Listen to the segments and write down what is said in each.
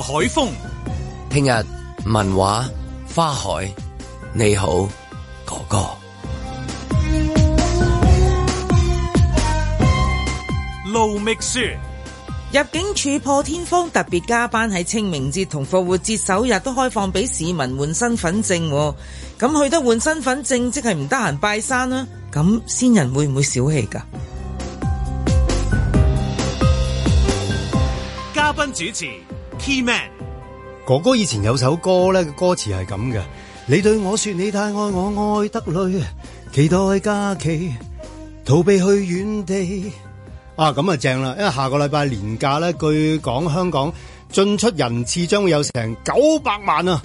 海風，聽日文畫花海，你好哥哥。盧覓雪，入境處破天荒特別加班喺清明節同復活節首日都開放俾市民換身份證，咁去得換身份證即係唔得閒拜山啦。咁先人會唔會小氣噶？嘉賓主持。Keyman，哥哥以前有首歌咧，歌詞係咁嘅：你對我說你太愛我，愛得累，期待假期，逃避去遠地。啊，咁啊正啦，因為下個禮拜年假咧，據講香港進出人次將會有成九百萬啊！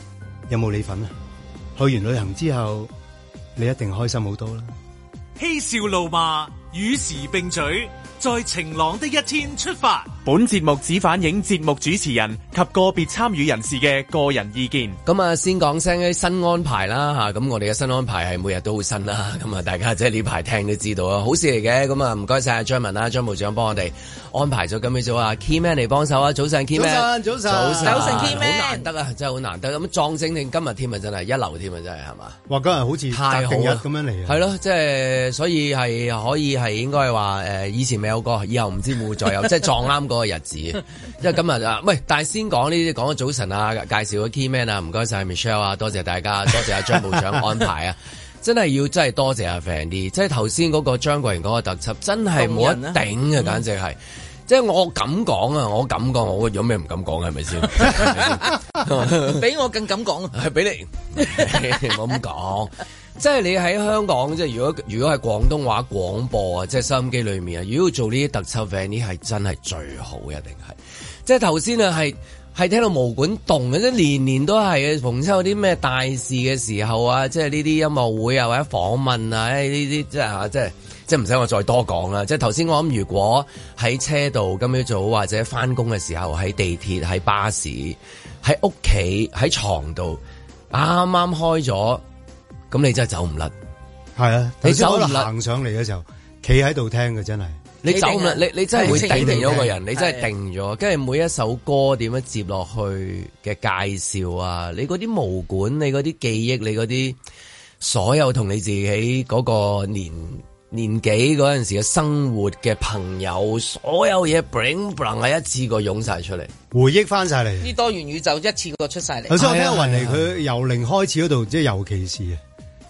有冇你份啊？去完旅行之後，你一定開心好多啦！嬉笑怒罵，與時並進，在晴朗的一天出發。本節目只反映節目主持人及個別參與人士嘅個人意見。咁啊，先講聲啲新安排啦吓。咁我哋嘅新安排係每日都好新啦。咁啊，大家即係呢排聽都知道啊，好事嚟嘅。咁啊，唔該晒阿張文啦，張部長幫我哋安排咗咁樣做啊。Keyman 嚟幫手啊，早上 Keyman，早晨，早晨，早晨，Keyman，好難得啊，真係好難得。咁撞正定今日添啊，真係一流添啊，真係，係嘛？哇，今日好似太好日咁樣嚟。係咯，即係所以係可以係應該係話誒，以前未有過以後唔知會唔會再有，即係撞啱嗰個日子，因為今日啊！喂，但係先講呢啲，講早晨啊，介紹咗 Key Man 啊，唔該晒 Michelle 啊，多謝大家，多謝阿張部長安排啊， 真係要真係多謝阿 Fanny，即係頭先嗰個張國榮嗰個特輯，真係冇得頂啊，簡直係！嗯、即係我敢講啊，我敢講，我有咩唔敢講係咪先？俾 我更敢講，係俾 你，我咁講。即係你喺香港，即係如果如果係廣東話廣播啊，即係收音機裏面啊，如果，如果要做呢啲特輯 Vani 係真係最好一定係。即係頭先啊，係係聽到毛管動嘅，即係年年都係啊，逢親有啲咩大事嘅時候啊，即係呢啲音樂會啊或者訪問啊，呢啲即係吓，即係即係唔使我再多講啦。即係頭先我諗，如果喺車度，今朝早或者翻工嘅時候，喺地鐵、喺巴士、喺屋企、喺床度，啱啱開咗。咁你真係走唔甩，係啊！你走唔甩行上嚟嘅時候，企喺度聽嘅真係，你走唔甩你你真係會定咗個人，你真係定咗，跟住每一首歌點樣接落去嘅介紹啊，你嗰啲毛管，你嗰啲記憶，你嗰啲所有同你自己嗰個年年紀嗰陣時嘅生活嘅朋友，所有嘢 bring bring 係一次過湧晒出嚟，回憶翻晒嚟。呢啲多元宇宙一次過出晒嚟。我想聽雲妮佢由零開始嗰度，即係尤其是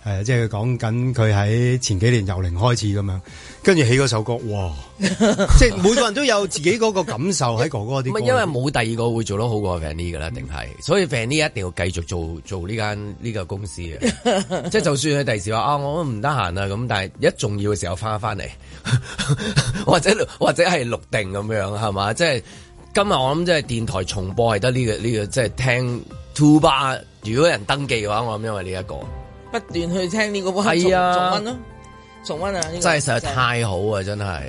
係，即係佢講緊佢喺前幾年由零開始咁樣，跟住起嗰首歌，哇！即係每個人都有自己嗰個感受喺 哥哥啲。因為冇第二個會做得好過 Fanny 噶啦，定係、嗯、所以 Fanny 一定要繼續做做呢間呢個公司啊！即係 就，就算佢第時話啊，我唔得閒啊咁，但係一重要嘅時候翻翻嚟，或者或者係錄定咁樣係嘛？即係、就是、今日我諗即係電台重播係得呢個呢個，即、這、係、個就是、聽 Two Bar。如果有人登記嘅話，我諗因為呢一個。不斷去聽呢個係啊，重溫咯，重溫啊！真係實在太好啊，真係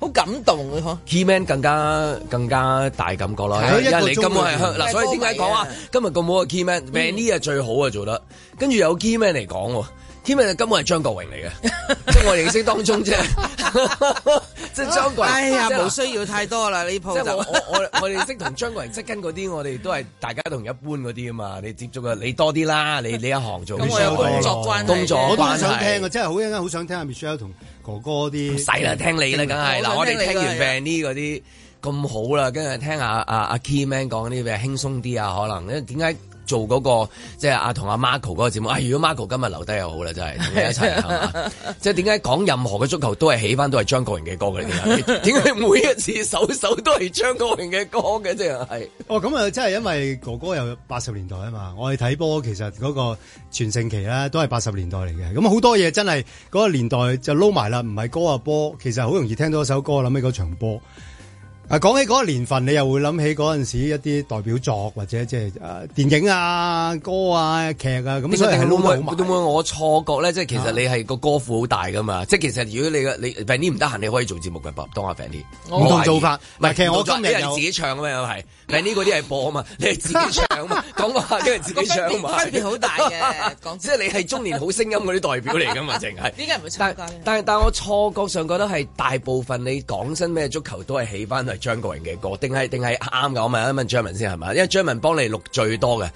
好感動嘅嗬。Keyman 更加更加大感覺啦，因為你根本係香嗱，所以點解講啊今日咁好嘅 Keyman，Van Lee 啊最好啊做得，跟住有 Keyman 嚟講喎。Keyman 根本係張國榮嚟嘅，即係 我認識當中啫，即係 張國榮。哎呀，冇、即係、需要太多啦，呢鋪就我我哋 識同張國榮即跟嗰啲，我哋都係大家同一般嗰啲啊嘛，你接觸啊，你多啲啦，你你一行做。咁 工作關工作我都想聽啊，真係好好想聽阿 Michelle 同哥哥啲。使啦，聽你啦，梗係嗱，我哋聽，聽完 Van 啲嗰啲咁好啦，跟住聽下阿阿 Keyman 講啲嘢，輕鬆啲啊，可能因為點解？做嗰，那個即係阿同阿 Marco 嗰個節目，哎，如果 Marco 今日留低又好啦，真係同你一齊， 即係點解講任何嘅足球都係起翻都係張國榮嘅歌嘅？點解每一次首首都係張國榮嘅歌嘅？即係哦，咁啊，真係因為哥哥有八十年代啊嘛，我哋睇波，其實嗰個全盛期咧都係八十年代嚟嘅，咁好多嘢真係嗰個年代就撈埋啦，唔係歌啊波，其實好容易聽到一首歌諗起嗰場波。講起嗰個年份，你又會諗起嗰陣時一啲代表作或者即係啊電影啊歌啊劇啊，咁所以係撈得好密。點解我錯覺咧？即係其實你係個歌庫好大噶嘛？即係其實如果你你 Fanny 唔得閒，你可以做節目嘅噃，當下 Fanny 唔同做法。唔係，其實我今日自己唱啊嘛，又係。但係呢啲係播啊嘛，你係自己唱啊嘛， 講個因都自己唱埋。好大嘅，即係你係中年好聲音嗰啲代表嚟噶嘛，淨係。點解唔會但係但我錯覺上覺得係大部分你講新咩足球都係起翻張國榮嘅歌，定係定係啱嘅。我問一問張文先，係咪？因為張文幫你錄最多嘅。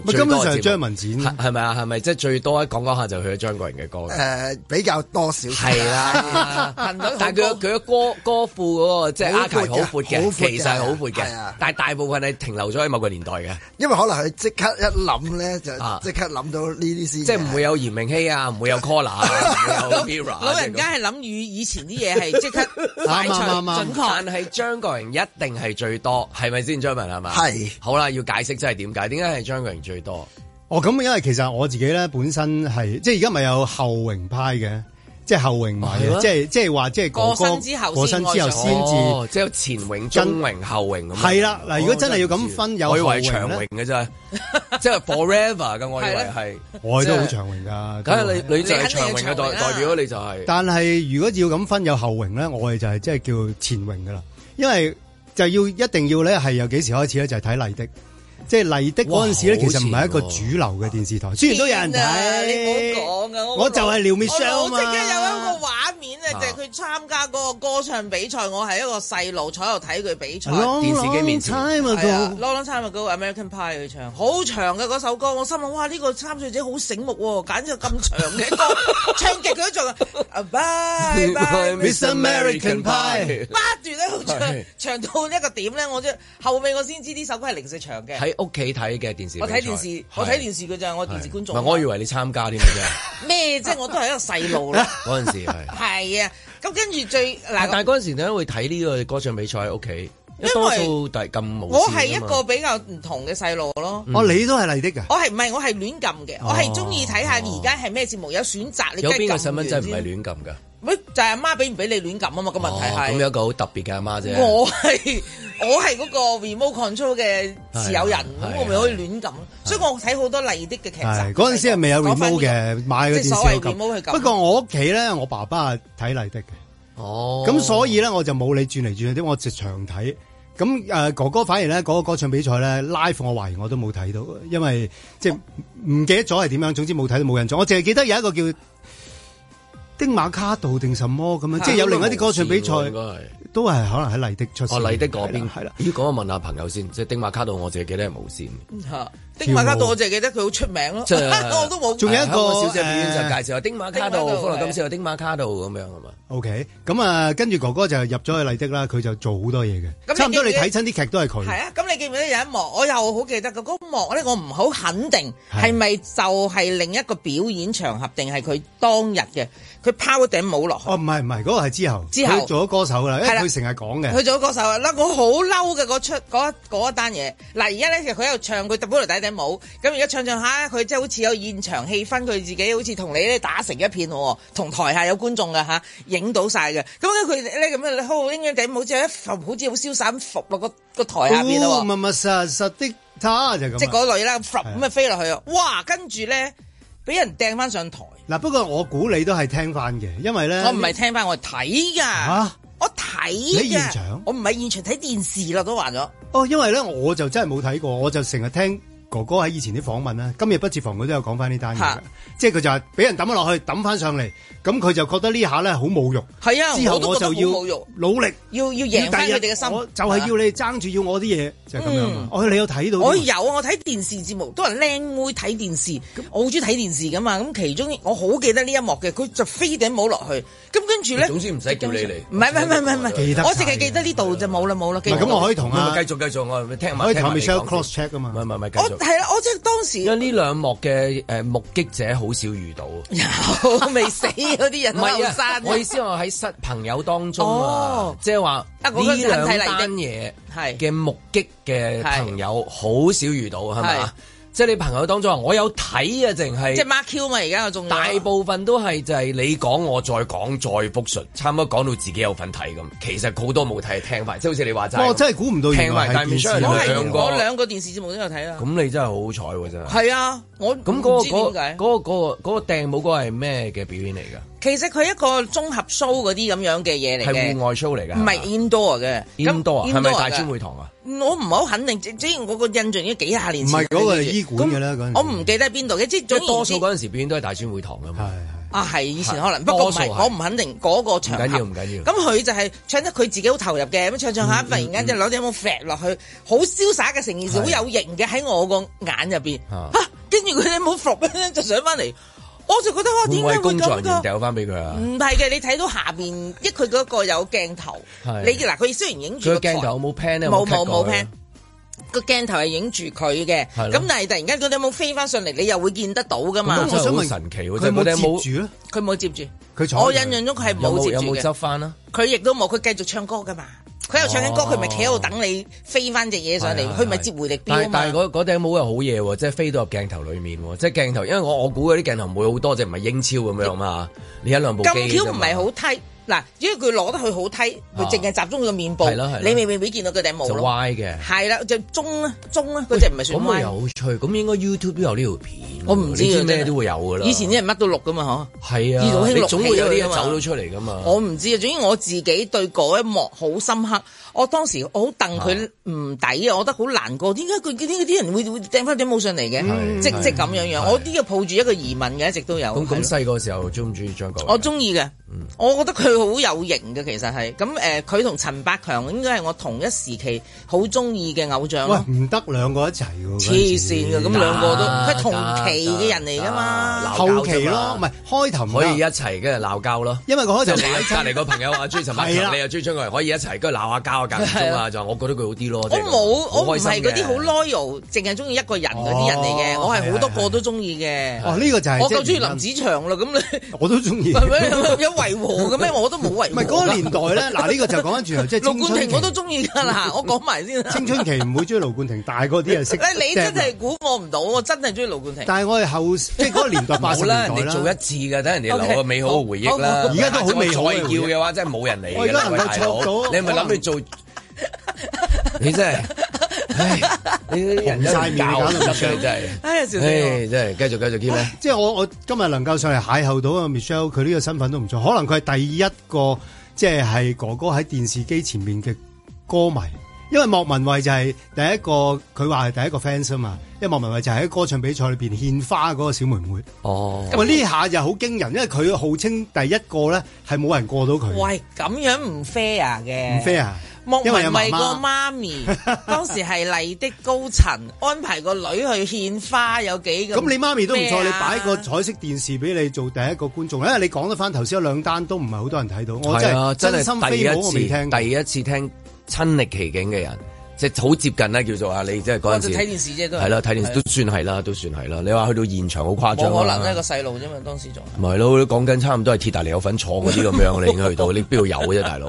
咪根本上張文展，係咪啊？係咪即係最多咧，講講下就係張國榮嘅歌？誒比較多少係啦，但係佢佢嘅歌歌庫嗰個即係好闊嘅，好闊嘅，其實係好闊嘅。但係大部分係停留咗喺某個年代嘅，因為可能係即刻一諗咧就即刻諗到呢啲先，即係唔會有嚴明熙啊，唔會有 Collar，老人家係諗與以前啲嘢係即刻，但係張國榮一定係最多，係咪先，張文係咪？係好啦，要解釋真係點解？點解係張國榮？最多哦，咁因為其實我自己咧本身係即係而家咪有後榮派嘅，即係後榮嘅，即係即係話即係過身之後先至，即係前榮、中榮、後榮咁。係啦，嗱，如果真係要咁分有後榮咧，即係 forever 嘅，我以為係我哋都好長榮噶，梗係你你就肯定長榮代表你就係，但係如果要咁分有後榮咧，我哋就係即係叫前榮噶啦，因為就要一定要咧係由幾時開始咧就係睇麗的。即係麗的嗰陣時咧，其實唔係一個主流嘅電視台，雖然都有人睇，啊。你唔好講啊！我，我就係撩 Michelle 啊嘛。我即刻有一個畫面，啊，就係佢參加嗰個歌唱比賽，啊，我係一個細路，坐喺度睇佢比賽。A long, 電視機面前係 time 啊，Long Long Time Ago American Pie 佢唱，好長嘅嗰首歌。我心諗，哇！呢，呢個參賽者好醒目喎，揀咗咁長嘅歌， 唱極佢都唱啊！Bye bye，Miss American Pie。 長到一個點咧，我即後尾我先知呢首歌係零食場嘅。喺屋企睇嘅電視，我睇電視，我睇電視佢就係我電視觀眾。唔係，我以為你參加添嘅。咩？即係我都係一個細路囉。嗰陣時係。係啊，咁跟住最嗱，但係嗰陣時點解會睇呢個歌唱比賽喺屋企？因為都咁我係一個比較唔同嘅細路咯。哦，你都係嚟的噶。我係唔係？我係亂撳嘅。我係中意睇下而家係咩節目有選擇。有邊個細蚊仔唔係亂撳噶？就係阿媽俾唔俾你亂撳啊嘛？個問題係，咁有、哦、一個好特別嘅阿媽啫。我係我係嗰個 remote control 嘅持有人，咁我咪可以亂撳。的所以我睇好多麗的嘅劇集的。嗰陣時係未有 remote 嘅，買嘅電視所謂 remote 去撳。不過我屋企咧，我爸爸係睇麗的嘅。哦。咁所以咧，我就冇你轉嚟轉去啲，我直場睇。咁誒哥哥反而咧，嗰個歌唱比賽咧 live，我懷疑我都冇睇到，因為即係唔記得咗係點樣。總之冇睇到冇印象，我淨係記得有一個叫。丁馬卡度定什麼咁樣，即係有另一啲歌唱比賽，都係可能喺麗的出。哦，麗的嗰邊係啦。咦，咁我問下朋友先，即係丁馬卡度，我淨係記得係無綫。吓，丁馬卡度我淨係記得佢好出名咯。一個我都冇，仲有一個。小謝表演就介紹下丁馬卡度，後來今次又丁馬卡度咁樣。係咪？O K，咁啊，跟住哥哥就入咗去麗的啦，佢就做好多嘢嘅。差唔多你睇親啲劇都係佢。係啊，咁你記唔記得有一幕？我又好記得嗰個幕咧，我唔好肯定係咪就係另一個表演場合，定係佢當日嘅。佢拋頂帽落去。哦，唔係唔係，嗰、嗰個係之後。之後佢做咗歌手噶啦，因為佢成日講嘅。佢的做咗歌手啦，我好嬲嘅嗰出一一單嘢。嗱，而家咧其實佢又唱佢本來戴頂帽，咁而家唱一唱一下佢即係好似有現場氣氛，佢自己好似同你咧打成一片喎，同台下有觀眾嘅吓，影到晒嘅。咁佢咧咁樣拎頂帽之後，好似一伏，好似好瀟灑咁伏落個個台下面。咯、哦。密密實實的他就咁。即係嗰類啦，伏咁啊飛落去啊！哇，跟住咧俾人掟翻上台。嗱，不過我估你都係聽翻嘅，因為咧，我唔係聽翻，啊、我睇噶，我睇，你現場？我唔係現場睇電視啦，都話咗。哦，因為咧，我就真係冇睇過，我就成日聽。哥哥喺以前啲訪問咧，今夜不設防佢都有講翻呢單嘢，即係佢就係俾人抌咗落去，抌翻上嚟，咁佢就覺得呢下咧好侮辱，係啊，之後我就要努力要要贏翻佢哋嘅心，就係要你爭住要我啲嘢，就係咁樣我你有睇到？我有啊！我睇電視節目，多人靚妹睇電視，我好中意睇電視噶嘛。咁其中我好記得呢一幕嘅，佢就飛頂帽落去，咁跟住咧，總之唔使叫你嚟，唔係唔係唔係唔係，我淨係記得呢度就冇啦冇啦。咁我可以同佢繼續繼續，我聽埋。可以同 Michelle cross check 噶嘛？唔係係啦，我即係當時。因為呢兩幕嘅，誒，目擊者好少遇到， 有未死嗰啲人冇生，啊。我意思我喺室朋友當中啊，即係話呢兩單嘢嘅目擊嘅朋友好少遇到，係咪 吧？是即係你朋友當中，我有睇啊，淨係即係 Mark Q 嘛，而家我仲大部分都係就係你講，我再講再覆述，差唔多講到自己有份睇咁。其實好多冇睇聽埋，即係好似你話齋哦，真係估唔到，聽埋大面試，我兩個電視節目都有睇啦，咁你真係好好彩，真係。係啊，我咁嗰個，嗰個、嗰個、嗰個掟帽嗰個係咩嘅表演嚟噶？其實佢一個綜合 show 嗰啲咁樣嘅嘢嚟嘅，係戶外 show 嚟嘅，唔係 indoor 嘅。indoor 係咪大專會堂啊？我唔好肯定，即只我個印象已經幾廿年前。唔係嗰個醫館嘅，我唔記得喺邊度嘅。即再多數嗰陣時表演都係大專會堂噶嘛。係啊，係以前可能不過唔係，我唔肯定嗰個場。唔緊要，唔緊要。咁佢就係唱得佢自己好投入嘅，咁唱唱下突然間就攞啲冇甩落去，好瀟灑嘅成件事，好有型嘅喺我個眼入邊。跟住佢又冇服就上翻嚟。我就覺得，我點解會咁樣掉翻俾佢啊？唔係嘅，你睇到下邊，一佢嗰個有鏡頭的你嗱佢雖然影住個鏡頭有冇 pan, 沒，冇 pan 咧，冇冇冇 pan，個鏡頭係影住佢嘅。咁的但係突然間佢有冇飛翻上嚟？你又會見得到噶嘛？我真想問神奇，佢冇接住咧，佢冇接住。佢坐，我印象中佢係冇接住嘅。有冇有冇執翻啦？佢亦都冇，佢繼續唱歌噶嘛。佢又唱緊歌，佢咪企喺度等你飛翻隻嘢上嚟，佢咪、啊、接回力標啊嘛！但係嗰嗰頂帽又好嘢喎，即係飛到入鏡頭裡面喎，即係鏡頭，因為我我估嗰啲鏡頭唔會好多隻，唔係英超咁樣啊嘛，嗯、你一兩部機。咁條唔係好梯，嗱，因為佢攞得佢好梯，佢淨係集中佢個面部，啊啊啊啊啊、你未未會見到佢頂帽咯。就歪嘅，係啦、啊，就中啦，中啊，嗰隻唔係算歪。咁有趣，咁應該 YouTube 都有呢條片。我唔知咩都會有噶啦。以前啲人乜都錄噶嘛，嗬。係啊，你總會有啲嘢走咗出嚟噶嘛。我唔知啊，總之我自己對嗰一幕好深刻。我當時我好戥佢唔抵啊，我覺得好難過。點解佢啲啲人會會掟翻啲毛上嚟嘅？即即咁樣樣，我啲嘢抱住一個疑問嘅一直都有。咁咁細個時候中唔中意張國？我中意嘅。我覺得佢好有型嘅，其實係。咁誒，佢同陳百強應該係我同一時期好中意嘅偶像。喂，唔得兩個一齊喎。黐線嘅，咁兩個都同期嘅人嚟噶嘛？後期咯，唔係開頭可以一齊，跟住鬧交咯。因為個開頭隔離個朋友話追陳百強你又追張國榮，可以一齊跟住鬧下交啊，間唔中啊，就我覺得佢好啲咯。我冇，我唔係嗰啲好 loyal，淨係中意一個人嗰啲人嚟嘅。我係好多個都中意嘅。哦，呢個就係我夠中意林子祥啦。咁你我都中意，係咪有違和嘅咩？我都冇違和。唔係嗰個年代咧，嗱呢個就講緊住啦，即係。盧冠廷我都中意啦，我講埋先。青春期唔會中意盧冠廷，大個啲人識。你真係估我唔到，我真係中意盧冠廷。我哋後即係嗰個年代，八十年代啦，你做一次嘅，等人哋留個美好嘅回憶啦。而家都好未再叫嘅話，真係冇人嚟。我而家能夠唱到，你係咪諗住做？你真係你人曬面，搞到濕嘅真係。哎呀！笑死我。唉，真係繼續繼續 keep 咧。即係我我今日能夠上嚟邂逅到啊 Michelle，佢呢個身份都唔錯。可能佢係第一個即係係哥哥喺電視機前面嘅歌迷。因為莫文蔚就係第一個，佢話係第一個 fans 啊嘛。因為莫文蔚就係喺歌唱比賽裏邊獻花嗰個小妹妹。哦，喂，呢下就好驚人，因為佢號稱第一個咧係冇人過到佢。喂，咁樣唔 fair 嘅、啊。唔 fair、啊。莫文蔚個媽咪， 媽媽當時係麗的高層 安排個女去獻花，有幾個咁？你媽咪都唔錯，啊、你擺個彩色電視俾你做第一個觀眾。誒，你講得翻頭先有兩單都唔係好多人睇到，啊、真的我真係真心第一次，第一次聽。親歷其境嘅人，即係好接近啦，叫做啊，你即係嗰陣時睇電視啫，都係啦，睇電視都算係啦，都算係啦。你話去到現場好誇張，可能啦，個細路啫嘛，當時仲唔係咯，講緊差唔多係鐵達尼有份坐嗰啲咁樣，你已經去到，你邊度有啫，大佬？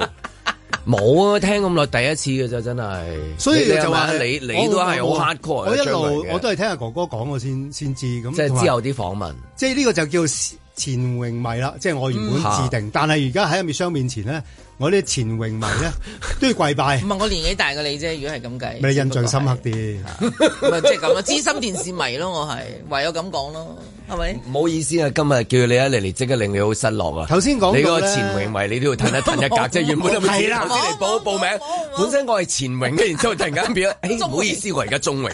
冇啊，聽咁耐第一次嘅啫，真係。所以你就話你你都係好 hardcore，我一路我都係聽阿哥哥講我先先知咁，即係之後啲訪問，即係呢個就叫。前榮迷啦，即係我原本自定，嗯啊、但係而家喺啲商面前咧，我啲前榮迷咧 都要跪拜。唔係我年紀大過你啫，如果係咁計，你印象深刻啲。唔係即係咁啊，資 深電視迷咯，我係唯有咁講咯。係咪？唔好意思啊，今日叫你一嚟嚟，即刻令你好失落啊！頭先講你個前榮，為你都要褪一褪一格即係。原本係頭先嚟報報名？本身我係前榮嘅，然之後突然間變咗，哎，唔好意思，我而家中榮。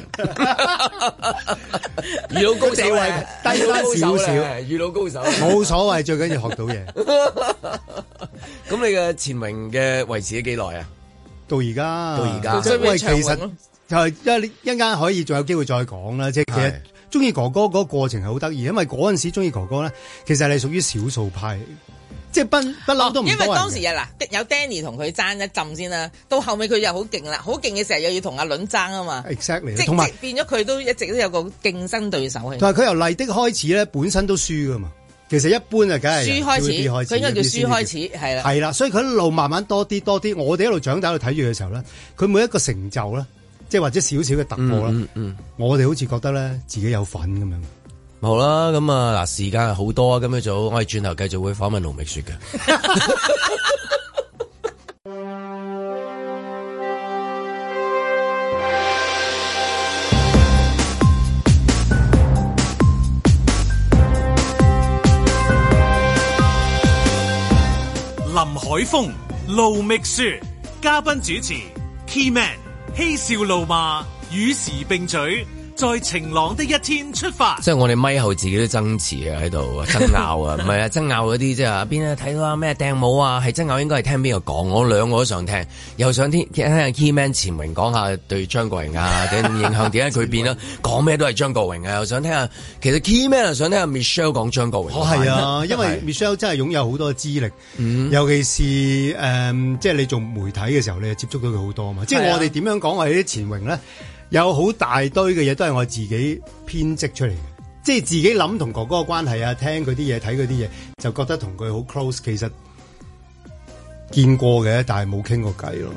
遇到高手位，低咗少少，遇到高手。冇所謂，最緊要學到嘢。咁你嘅前榮嘅維持咗幾耐啊？到而家，到而家。喂，其實就係因為你一陣間可以仲有機會再講啦，即係。中意哥哥嗰個過程係好得意，因為嗰陣時中意哥哥咧，其實係屬於少數派，即係不不嬲都唔多人。因為當時啊，嗱有 Danny 同佢爭一陣先啦，到後尾佢又好勁啦，好勁嘅時候又要同阿倫爭啊嘛。Exactly，即同埋有變咗佢都一直都有個競爭對手。同埋佢由麗的開始咧，本身都輸噶嘛，其實一般啊，梗係輸開始，佢應該叫輸開始係啦，係啦，所以佢一路慢慢多啲多啲。我哋一路長大去睇住嘅時候咧，佢每一個成就咧。即係或者少少嘅突破啦，嗯嗯、我哋好似覺得咧自己有份咁樣。好啦，咁啊嗱，時間係好多啊，咁樣早我，我哋轉頭繼續會訪問盧覓雪嘅。林海峰、盧覓雪，嘉賓主持 Key Man。嬉笑怒罵，與時並舉。在晴朗的一天出發，即係我哋咪後自己都爭持啊喺度啊爭拗啊，唔係啊爭拗嗰啲即係啊邊睇到啊咩掟帽啊，係爭拗應該係聽邊個講，我兩個都想聽，又想聽聽下 Keyman 前榮講下對張國榮啊影響點解佢變啦，講咩 榮都係張國榮啊，又想聽下其實 Keyman 想聽阿 Michelle 講張國榮，係啊，因為 Michelle 真係擁有好多資歷，嗯、尤其是誒即係你做媒體嘅時候，你接觸到佢好多嘛，啊、即係我哋點樣講啊啲前榮咧？有好大堆嘅嘢都係我自己編織出嚟嘅，即係自己諗同哥哥嘅關係啊，聽佢啲嘢睇佢啲嘢，就覺得同佢好 close。其實見過嘅，但係冇傾過偈咯。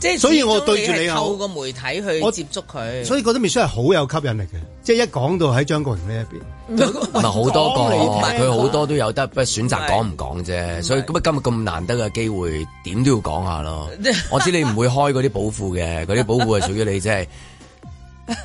即係是，所以我對住你，你透過媒體去接觸佢，所以覺得未算係好有吸引力嘅。即係一講到喺張國榮呢一邊，唔係好多個，佢好多都有得，不選擇講唔講啫。是所以咁啊，今日咁難得嘅機會，點都要講下咯。 我知你唔會開嗰啲寶庫嘅，嗰啲寶庫係屬於你，即係。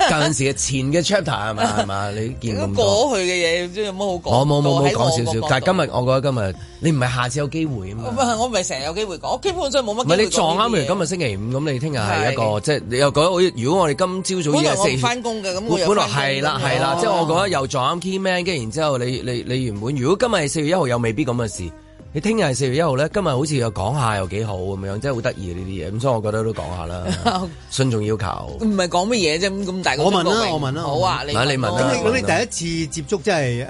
嗰陣時嘅前嘅 chapter 係嘛，係嘛，你見唔過去嘅嘢，唔知有冇好講？我冇冇冇講少少，但係今日我覺得今日你唔係下次有機會啊嘛。我唔係成日有機會講，我基本上冇乜。唔係你撞啱，譬如今日星期五，咁你聽日係一個即係你又講。如果我哋今朝早，本來我翻工嘅咁，本來係啦係啦，即係我覺得又撞啱 key man，跟住然之後你你你原本。如果今日係四月一號又未必咁嘅事。你聽日係四月一號咧，今日好似又講下又幾好咁樣，即係好得意呢啲嘢。咁所以，我覺得都講下啦。 信重要求，唔係講乜嘢啫。咁咁大個我問、啊，我問啦、啊，我問啦、啊，好啊，你問啦、啊。咁你、啊、你，你第一次接觸即係誒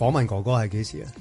訪問哥哥係幾時啊？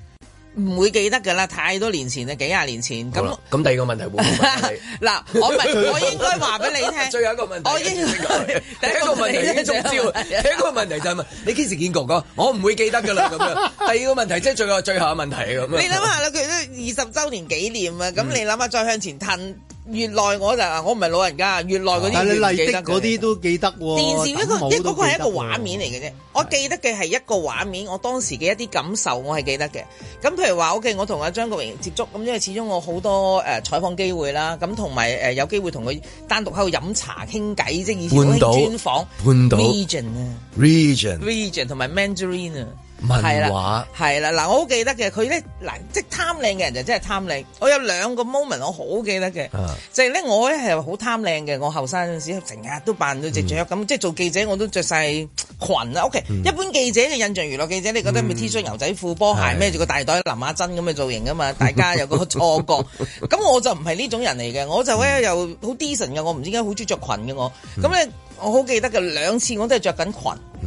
唔會記得㗎喇，太多年前喇，幾廿年前咁。咁吧那第二個問題會唔會係嗱？ 我應該話俾你聽。最後一個問題，我應該。第一個問題已經中招。第一個問題就係問你幾時見哥哥？我唔會記得㗎喇。咁樣第二個問題即係最後最後一個問題咁樣。你諗下啦，佢都二十周年紀念啊，咁你諗下、嗯、再向前褪。越耐我就我唔係老人家，越耐嗰啲越記得。嗰啲都記得喎。電視嗰個一嗰個係一個畫面嚟嘅啫，對 我記得嘅係一個畫面，對 我當時嘅一啲感受我係記得嘅。咁譬如話，OK，我同阿張國榮接觸，咁因為始終我好多誒採訪機會啦，咁同埋誒有機會同佢單獨喺度飲茶傾偈，即係以前專訪。半島到。Region 啊。Region。Region 同埋 Mandarin 啊。係啦，係啦，嗱，我好記得嘅，佢咧，嗱，即係貪靚嘅人就真係貪靚。我有兩個 moment 我好記得嘅，啊、就係咧，我咧係好貪靚嘅。我後生嗰陣時，成日都扮到隻雀咁，即係做記者我都着晒裙啊。嗯、o、okay, K，一般記者嘅印象，娛樂記者你覺得咪 T 恤牛仔褲波、嗯、鞋孭住個大袋林亞珍咁嘅造型㗎嘛？大家有個錯覺。咁 我就唔係呢種人嚟嘅，我就咧、嗯、又好 decent 嘅，我唔知點解好中意着裙嘅我，咁咧、嗯。我好記得嘅兩次我都係着緊裙，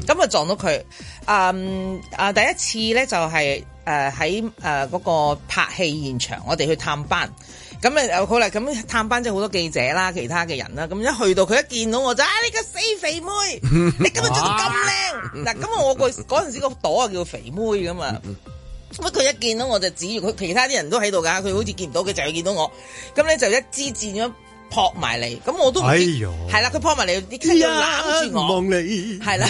咁啊、嗯、撞到佢。嗯啊，第一次咧就係誒喺誒嗰個拍戲現場，我哋去探班。咁誒好啦，咁、啊、探班即係好多記者啦，其他嘅人啦。咁一去到，佢一見到我就 啊，你個死肥妹，你今日着得咁靚。嗱、啊，啊、咁我、咁個嗰陣時個朵啊叫肥妹咁啊。乜佢、嗯、一見到我就指住佢，其他啲人都喺度㗎，佢好似見唔到佢就要見到我。咁咧就一支箭咗撲埋嚟，咁我都係啦，佢撲埋嚟，即刻攬住我，望你係啦，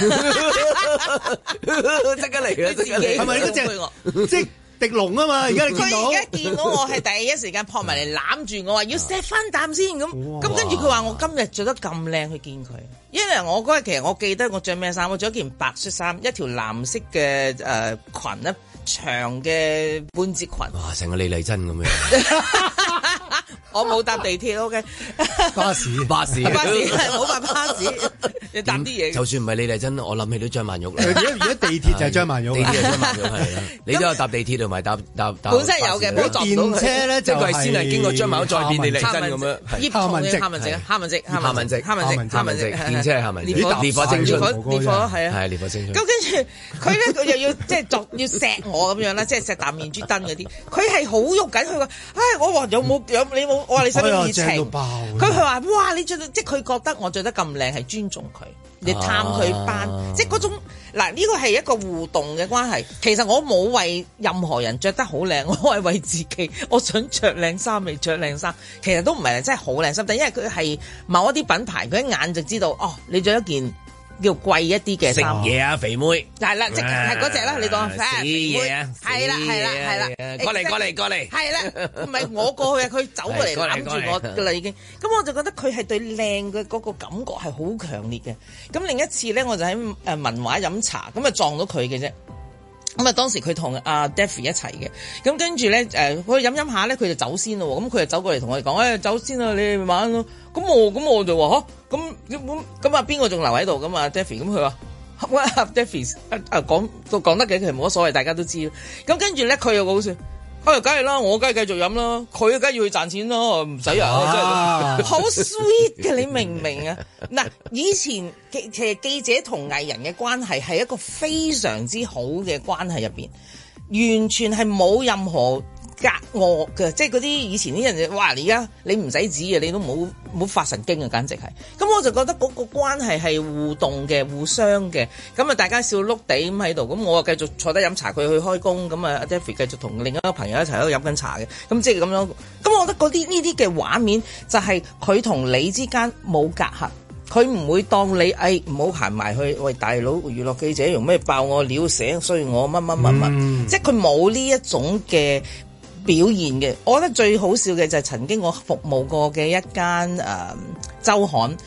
即刻嚟啦，即刻嚟，係咪呢隻對我即係狄龍啊嘛？而家佢而家見到見我係第一時間撲埋嚟攬住我話要錫翻啖先咁，咁哇跟住佢話我今日着得咁靚去見佢，因為我嗰日其實我記得我着咩衫，我着一件白恤衫，一條藍色嘅誒裙咧，長嘅半截裙，哇，成個李麗珍咁樣。 我冇搭地鐵，OK？巴士，巴士，巴士，冇搭巴士，你搭啲嘢。就算唔係李麗珍，我諗起都張曼玉啦。唔一定地鐵就係張曼玉，地鐵你都有搭地鐵同埋搭搭？本身有嘅，冇電車咧，即係先係經過張曼玉再變李麗珍咁樣。葉夏文汐，夏文汐，夏文汐，夏文汐，夏文汐，電車係夏文汐。烈火烈火青春咁，跟住佢呢，佢又要即係作要錫我咁樣啦，即係錫啖面珠墩嗰啲。佢係好喐緊，佢話：唉，我話有冇有你冇？我話你使要熱情，佢佢話：哇！你着得即係佢覺得我着得咁靚係尊重佢，你探佢班，啊、即嗰種嗱，呢個係一個互動嘅關係。其實我冇為任何人着得好靚，我係為自己，我想着靚衫未着靚衫，其實都唔係真係好靚衫，但因為佢係某一啲品牌，佢一眼就知道哦，你着一件。叫貴一啲嘅食嘢啊，肥妹，係啦，即係嗰隻啦，你講死肥妹啊，死嘢啊，過嚟過嚟過嚟，係啦，唔係我過去，佢走過嚟攬住我㗎啦已經，咁我就覺得佢係對靚嘅嗰個感覺係好強烈嘅，咁另一次呢，我就喺誒文華飲茶，咁咪撞到佢嘅啫。咁啊、嗯，當時佢同阿 Debbie 一齊嘅，咁跟住咧，誒，佢飲飲下咧，佢就先走先咯。咁、嗯、佢就走過嚟同我哋講：誒，走先啦，你哋玩咯。咁我，咁我就，嚇，咁，咁，咁啊，邊個仲留喺度？咁啊 Debbie 咁佢話：喂啊，阿 Debbie 講，得嘅，其實冇乜所謂，大家都知。咁跟住咧，佢又好笑。不啊，梗係啦，我梗係繼續飲啦，佢梗係要去賺錢咯，唔使啊，真係的好 sweet 嘅， 你明唔明啊？嗱，以前其實記者同藝人嘅關係係一個非常之好嘅關係入邊，完全係冇任何。隔惡嘅，即係嗰啲以前啲人嘅。哇！你而家你唔使指嘅，你都冇冇發神經啊！簡直係。咁我就覺得嗰個關係係互動嘅、互相嘅。咁啊，大家笑碌地咁喺度。咁我啊繼續坐低飲茶，佢去開工。咁啊，阿 Daffy 繼續同另一個朋友一齊喺度飲緊茶嘅。咁即係咁樣。咁我覺得嗰啲呢啲嘅畫面就係佢同你之間冇隔閡，佢唔會當你誒唔好行埋去。喂，大佬，娛樂記者用咩爆我料，寫衰我乜乜乜乜。嗯、即係佢冇呢一種嘅，表現嘅，我覺得最好笑嘅就係曾經我服務過嘅一間誒周刊，咁、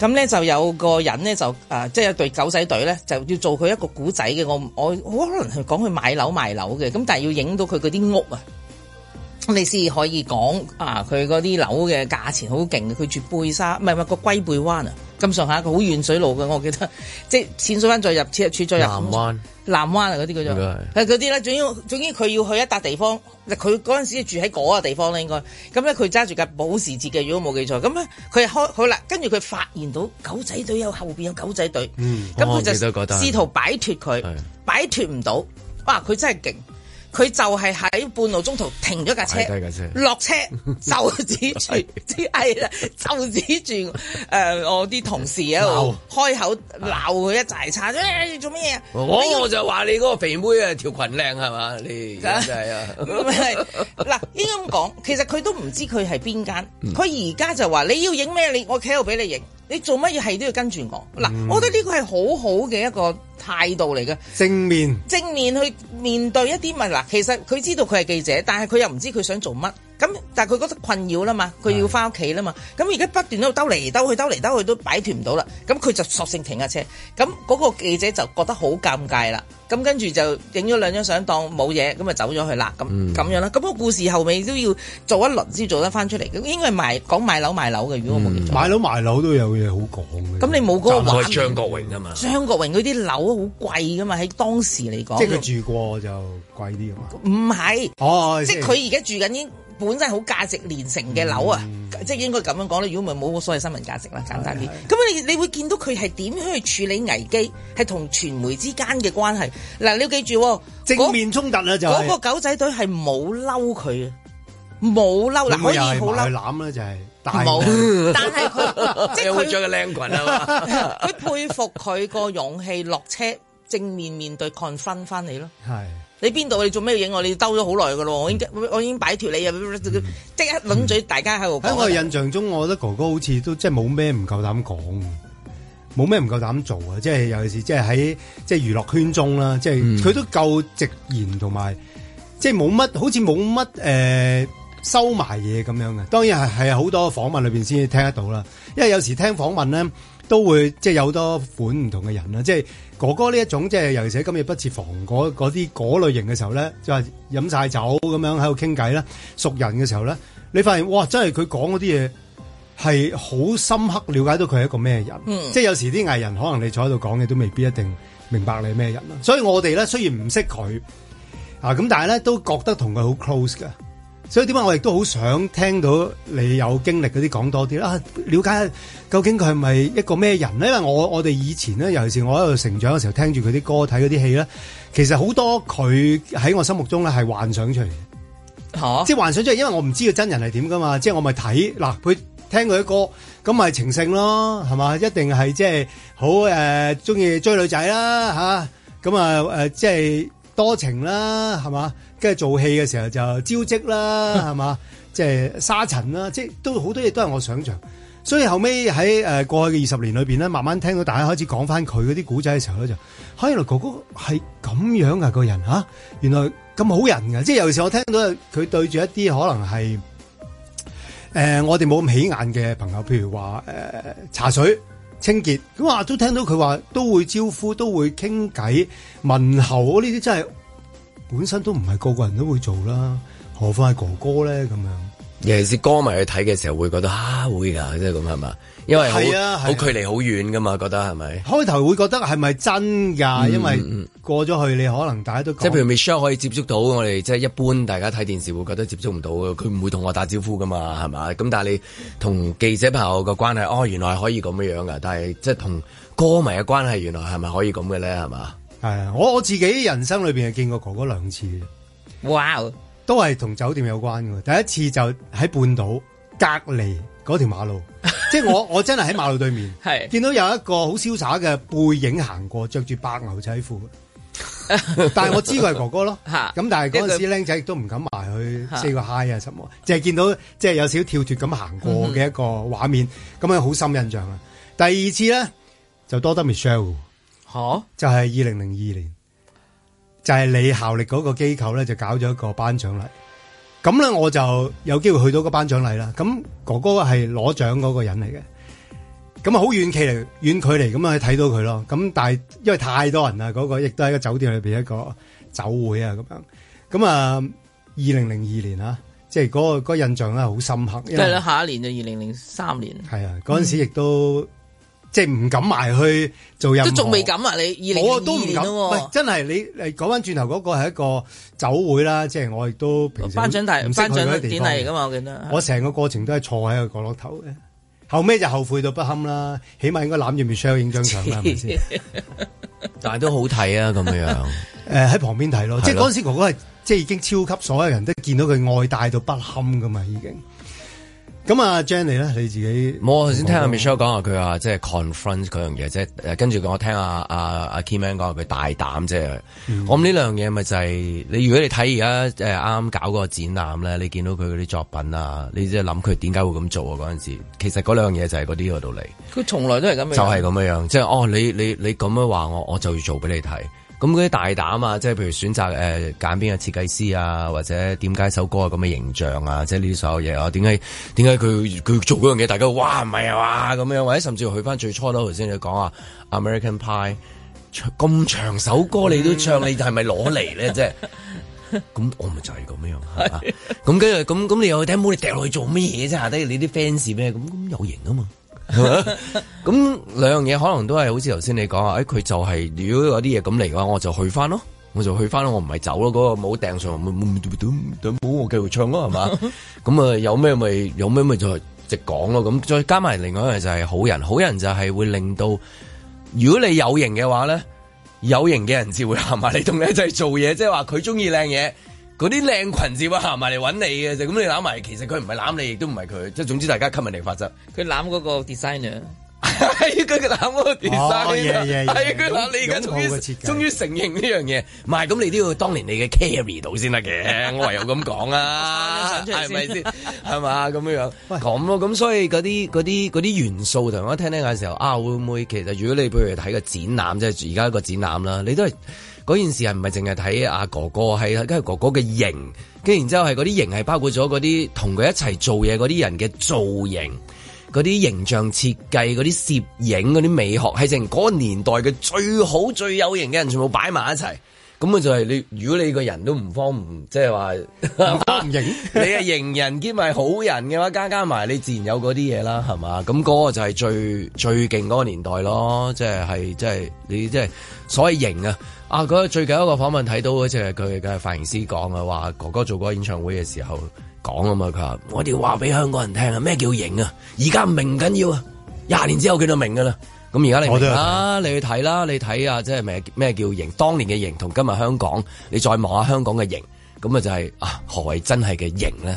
呃、呢就有個人呢、呃，就誒，即係有隊狗仔隊呢，就要做佢一個古仔嘅。我我好可能係講佢買樓賣樓嘅，咁但係要影到佢嗰啲屋啊。你先可以講啊！佢嗰啲樓嘅價錢好勁，佢住貝沙唔係唔係個龜背灣啊！咁上下佢好遠水路嘅，我記得即係淺水灣再入，赤柱再入南灣，南灣啊嗰啲嗰種係嗰啲啦。總之總之佢要去一笪地方，佢嗰陣時住喺嗰個地方啦，應該咁咧。佢揸住架保時捷嘅，如果冇記錯咁咧，佢、嗯、開好啦。跟住佢發現到狗仔隊有後邊有狗仔隊，嗯，咁佢、嗯哦、就試圖擺脱佢，是擺脱唔到。哇！佢真係勁。佢就係喺半路中途停咗架車，落車就指住，係啦，就指住誒、 呃、我啲同事喺度開口鬧佢 一陣差、哎，你做乜嘢？我、哦、要我就話你嗰個肥妹啊，條裙靚係嘛？你真係啊！嗱，應該咁講，其實佢都唔知佢係邊間。佢而家就話你要影咩？你我企喺度俾你影。你做乜嘢係都要跟住我。嗱，嗯、我覺得呢個係好好嘅一個。態度嚟嘅，正面正面去面對一啲問題嗱。其實佢知道佢係記者，但係佢又唔知佢想做乜。咁但係佢覺得困擾啦嘛，佢要翻屋企啦嘛，咁而家不斷喺度兜嚟兜去，兜嚟兜去都擺脫唔到啦，咁佢就索性停下車，咁嗰個記者就覺得好尷尬啦，咁跟住就影咗兩張相，當冇嘢，咁就走咗去啦，咁咁樣啦，咁個故事後尾都要做一輪先做得翻出嚟，應該係賣講買樓買樓嘅，如果我冇記錯，買樓買樓都有嘢好講嘅。咁你冇嗰個，話張國榮啊嘛，張國榮嗰啲樓好貴噶嘛，喺當時嚟講，即係佢住過就貴啲啊嘛，唔係，哦，即係佢而家住緊啲。本身係好價值連城嘅樓啊，嗯、即係應該咁樣講啦。如果唔係冇個所謂新聞價值啦，簡單啲。咁是你你會見到佢係點樣去處理危機，係同傳媒之間嘅關係。嗱，你要記住，嗱正面衝突啊，就係、是、嗰個狗仔隊係冇嬲佢，冇嬲嗱可以好嬲攬咧，就係、是、冇。但係佢即係佢著個靚裙啊嘛，佢佩服佢個勇氣落車正面面對抗分翻你咯，你邊度？你做咩影我？你兜咗好耐㗎咯，我已經我已經擺脫你啊！即、嗯、刻撚嘴，大家喺度。喺我印象中，我覺得哥哥好似都即係冇咩唔夠膽講，冇咩唔夠膽做啊！即係尤其是即係喺即係娛樂圈中啦，即係佢、嗯、都夠直言同埋，即係冇乜好似冇乜誒收埋嘢咁樣嘅。當然係係好多訪問裏面先至聽得到啦，因為有時聽訪問咧。都會即係有多款唔同嘅人啦，即係哥哥呢一種即係，尤其是喺今夜不設防嗰嗰啲嗰類型嘅時候咧，就係飲晒酒咁樣喺度傾偈啦，熟人嘅時候咧，你發現哇，真係佢講嗰啲嘢係好深刻，了解到佢係一個咩人，嗯、即係有時啲藝人可能你坐喺度講嘅都未必一定明白你係咩人啦，所以我哋咧雖然唔識佢啊，咁但係咧都覺得同佢好 close 嘅。所以點解我亦都好想聽到你有經歷嗰啲講多啲啦、啊？了解下究竟佢係咪一個咩人咧？因為我我哋以前咧，尤其是我喺度成長嘅時候，聽住佢啲歌睇嗰啲戲咧，其實好多佢喺我心目中咧係幻想出嚟，啊、即係幻想出嚟，因為我唔知道真人係點㗎嘛，即係我咪睇嗱，佢聽佢啲歌，咁咪情聖咯，係嘛？一定係即係好誒，中意、呃、追女仔啦吓咁啊、呃、即係。多情啦，係嘛？跟住做戲嘅時候就招積啦，係嘛？即係 沙塵啦，即、就、係、是、都好多嘢都係我想象。所以後尾喺誒過去嘅二十年裏面咧，慢慢聽到大家開始講翻佢嗰啲古仔嘅時候咧，就，嘿，原來哥哥係咁樣㗎、啊、個人嚇、啊，原來咁好人㗎、啊。即係尤其是我聽到佢對住一啲可能係誒、呃、我哋冇咁起眼嘅朋友，譬如話誒、呃、茶水。清潔咁啊，都聽到佢話都會招呼，都會傾偈問候，呢啲真係本身都唔係個個人都會做啦，何況係哥哥咧咁樣。尤其是歌迷去睇嘅時候，會覺得啊，會噶、啊，即係咁係嘛？因為好好、係啊、係啊、距離好遠噶嘛，覺得係咪？開頭會覺得係咪真噶？嗯、因為過咗去，你可能大家都即係譬如 Michelle 可以接觸到我哋，即係一般大家睇電視會覺得接觸唔到嘅，佢唔會同我打招呼噶嘛，係嘛？咁但係你同記者朋友嘅關係，哦，原來可以咁樣樣噶，但係即係同歌迷嘅關係，原來係咪可以咁嘅咧？係嘛？係啊，我自己人生裏邊係見過哥哥兩次哇！都係同酒店有關嘅。第一次就喺半島隔離嗰條馬路， 即係我我真係喺馬路對面，係是見到有一個好瀟灑嘅背影行過，着住白牛仔褲， 但係我知佢係哥哥咯，咁 但係嗰陣時僆仔亦都唔敢埋去 四個 Hi 啊什麼，就係見到即係有少跳脱咁行過嘅一個畫面，咁啊好深印象啊！第二次咧就多得 Michelle，吓 就係二零零二年。就係你效力嗰個機構咧，就搞咗一個頒獎禮，咁咧我就有機會去到個頒獎禮啦。咁哥哥係攞獎嗰個人嚟嘅，咁啊好遠距離，遠距離咁樣去睇到佢咯。咁但係因為太多人啦，嗰個亦都喺個酒店裏邊一個酒會啊咁樣。咁啊，二零零二年啊，即係嗰個嗰個印象咧好深刻。係啦，下一年就二零零三年。係啊，嗰陣時亦都。嗯即係唔敢埋去做任何，都仲未敢啊！你二零二二我都唔敢。真係你嚟講翻轉頭嗰個係一個酒會啦，即、就、係、是、我亦都平時頒獎大頒獎典禮嚟噶嘛？我記得我成個過程都係坐喺個角落頭嘅，後屘就後悔到不堪啦。起碼應該攬住面 show e l 影張相啦，係咪先？ 但係都好睇啊，咁樣樣。誒、 呃，喺旁邊睇咯，咯即係嗰陣時哥哥係即係已經超級，所有人都見到佢愛戴到不堪噶嘛，已經。咁啊，Jenny 咧，你自己，我頭先聽阿 Michelle 講話，佢話即係 confront 嗰樣嘢，即係誒，跟住我聽阿阿阿 Keyman 講話，佢大膽，即係，我諗呢兩樣嘢咪就係、是，你如果你睇而家啱啱搞嗰個展覽咧，你見到佢嗰啲作品啊，你即係諗佢點解會咁做啊？嗰陣時，其實嗰兩樣嘢就係嗰啲嘅道理。佢從來都係咁樣，就係咁樣樣，即係哦，你你你咁樣話我，我就要做俾你睇。咁嗰啲大膽啊，即係譬如選擇誒揀邊個設計師啊，或者點解首歌啊，咁嘅形象啊，即係呢啲所有嘢啊，點解點解佢佢做嗰樣嘢？大家哇唔係啊，哇咁樣或者甚至去翻最初咯，頭先你講啊，American Pie 咁長，長首歌你都唱， 你係咪攞嚟咧？即係咁，我咪就係咁樣咁跟住咁咁，你又去聽冇你掉落去做乜嘢啫？下低你啲 fans 咩？咁咁有型啊嘛！咁兩 樣嘢可能都係好似頭先你講話，佢、哎、就係、是、如果有啲嘢咁嚟嘅話，我就去返囉。我就去返囉，我唔係走囉。嗰個冇掟上，冇我繼續唱囉，係咪？噉咪 有咩咪就，是、就直講囉。咁再加埋另外一樣就係好人，好人就係會令到，如果你有型嘅話呢，有型嘅人先會行埋你同你一齊做嘢，即係話佢鍾意靚嘢。嗰啲靚裙子話行埋嚟揾你嘅啫，咁你攬埋，其實佢唔係攬你，亦都唔係佢，即係總之大家吸引力法則。佢攬嗰個 designer，佢攬嗰 個 designer，佢攬你。咁好嘅設計，終於、嗯、承認呢樣嘢。唔係，咁你都要當年你嘅 carry 到先得嘅。 我唯有咁講啊，係咪 先是是？係嘛？ 咁樣樣，咁咯。喂。咁所以嗰啲啲啲元素，同我聽聽嘅時候啊，會唔會其實如果你譬如睇個展覽，即係而家一個展覽啦、就是，你都係。嗰件事係唔係淨係睇阿哥哥，係跟住哥哥嘅型，跟然之後係嗰啲型係包括咗嗰啲同佢一齊做嘢嗰啲人嘅造型，嗰啲形象設計、嗰啲攝影、嗰啲美學，係成嗰個年代嘅最好最有型嘅人，全部擺埋一齊。咁啊就係你，如果你個人都唔慌唔即係話唔方，你係型人兼埋好人嘅話加加埋，你自然有嗰啲嘢啦，係嘛？咁、那、嗰個就係最最勁嗰個年代咯，即係係即係你即係、就是、所謂型啊！啊，嗰、那個最近一個訪問睇到，即係佢嘅髮型師講啊，話哥哥做嗰個演唱會嘅時候講啊嘛，佢話我哋話俾香港人聽啊，咩叫型啊？而家唔明緊要啊，廿年之後佢就明噶啦。咁而家你明啦，你去睇啦，你睇下即係咩咩叫型？當年嘅型同今日香港，你再望下香港嘅型，咁、就係、啊就係啊何謂真係嘅型呢？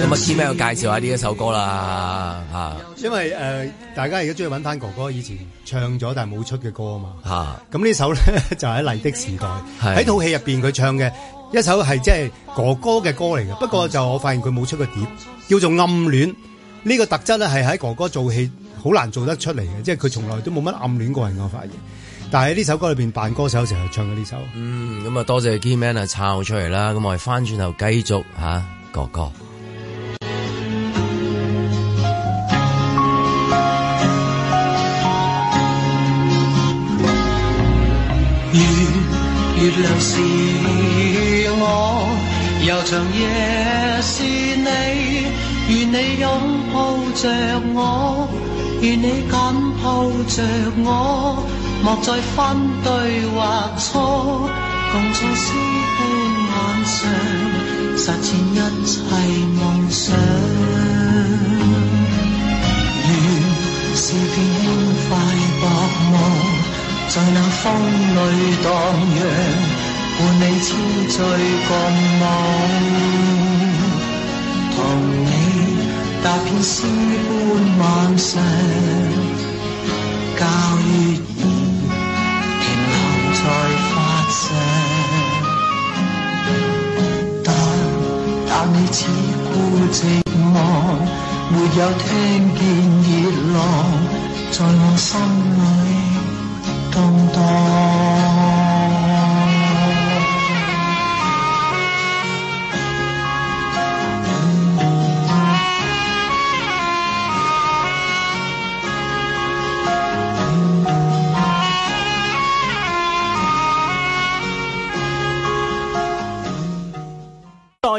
咁啊，Tim 又介紹下呢一首歌啦，吓，因為誒，大家而家中意揾翻哥哥以前唱咗但係冇出嘅歌啊嘛，吓，咁呢首咧就喺《麗的》時代喺套戲入邊佢唱嘅一首係即係哥哥嘅歌嚟嘅。不過就我發現佢冇出個碟，叫做《暗戀》呢個特質咧係喺哥哥做戲好難做得出嚟嘅，即係佢從來都冇乜暗戀過人，我發現。但係喺呢首歌裏邊扮歌手嘅時候唱嘅呢首，嗯，咁啊多謝 Kman 啊抄出嚟啦，咁我哋翻轉頭繼續吓哥哥。啊、歌歌月月亮是我，悠長夜是你，願你擁抱着我，願你緊抱着我。莫再分對或錯，共築詩般晚上，實現一切夢想。願是片輕快薄霧，在那風裏蕩漾，伴你超醉共夢，同你踏遍詩般晚上，教育。但但你只顧寂寞，沒有聽見熱浪在我心裏動盪。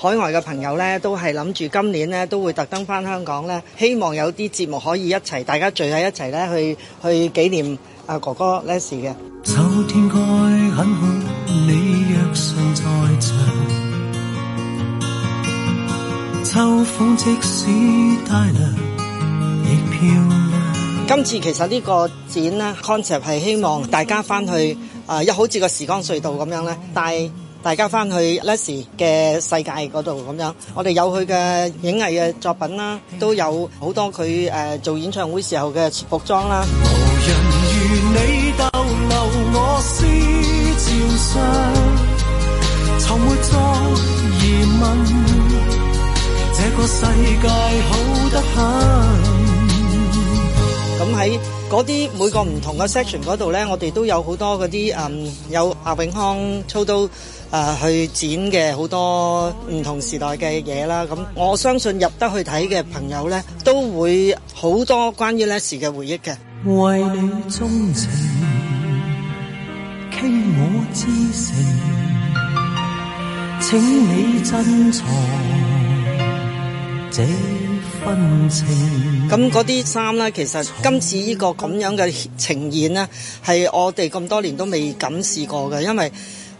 海外嘅朋友咧，都係諗住今年咧都會特登翻香港咧，希望有啲節目可以一齊，大家聚喺一齊咧，去去紀念阿、啊、哥哥 Les 嘅。秋天該很好，你若尚在場。秋風即使帶涼，亦漂亮。今次其實呢個展咧 concept 係希望大家翻去啊，一好似個時光隧道咁樣咧，帶。大家翻去 Leslie 嘅世界嗰度，咁樣，我哋有佢嘅影藝嘅作品啦，都有好多佢誒做演唱會時候嘅服裝啦。無人如你逗留我思潮上，從沒再疑問，這個世界好得很。咁喺嗰啲每個唔同嘅 section 嗰度咧，我哋都有好多嗰啲嗯有阿永康操刀。誒、呃、去展嘅好多唔同時代嘅嘢啦，咁我相信入得去睇嘅朋友呢，都會好多關於 Les 嘅回憶嘅。為你鍾情傾我至誠，請你珍藏這份情。咁嗰啲衫呢，其實今次呢個咁樣嘅呈現呢，係我哋咁多年都未敢試過嘅，因為，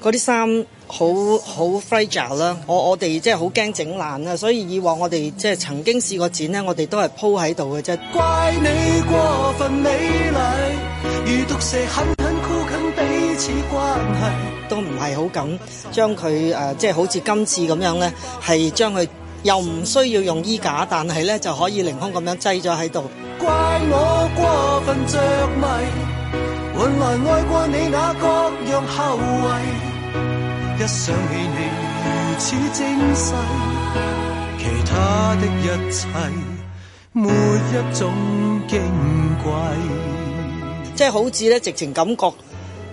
嗰啲衫好好 fragile 啦，我我哋即係好驚整爛啊，所以以往我哋即係曾經試過剪咧，我哋都係鋪喺度嘅啫。怪你過分美麗如毒蛇，狠狠箍緊彼此關係都唔係、呃就是、好敢將佢誒即係好似今次咁樣咧，係將佢又唔需要用衣架但係咧就可以凌空咁樣擠咗喺度。怪我過分着迷，本來愛過你那各樣後遺一想起你如此精細，其他的一切每一種矜貴，即係好似咧，直情感覺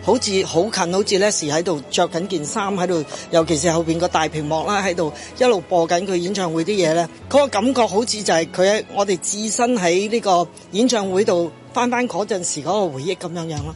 好似好近，好似咧時喺度着緊件衫喺度，尤其是後邊個大屏幕啦喺度一路播緊佢演唱會啲嘢咧，嗰個感覺好似就係佢喺我哋置身喺呢個演唱會度翻翻陣時個回憶咁樣樣咯。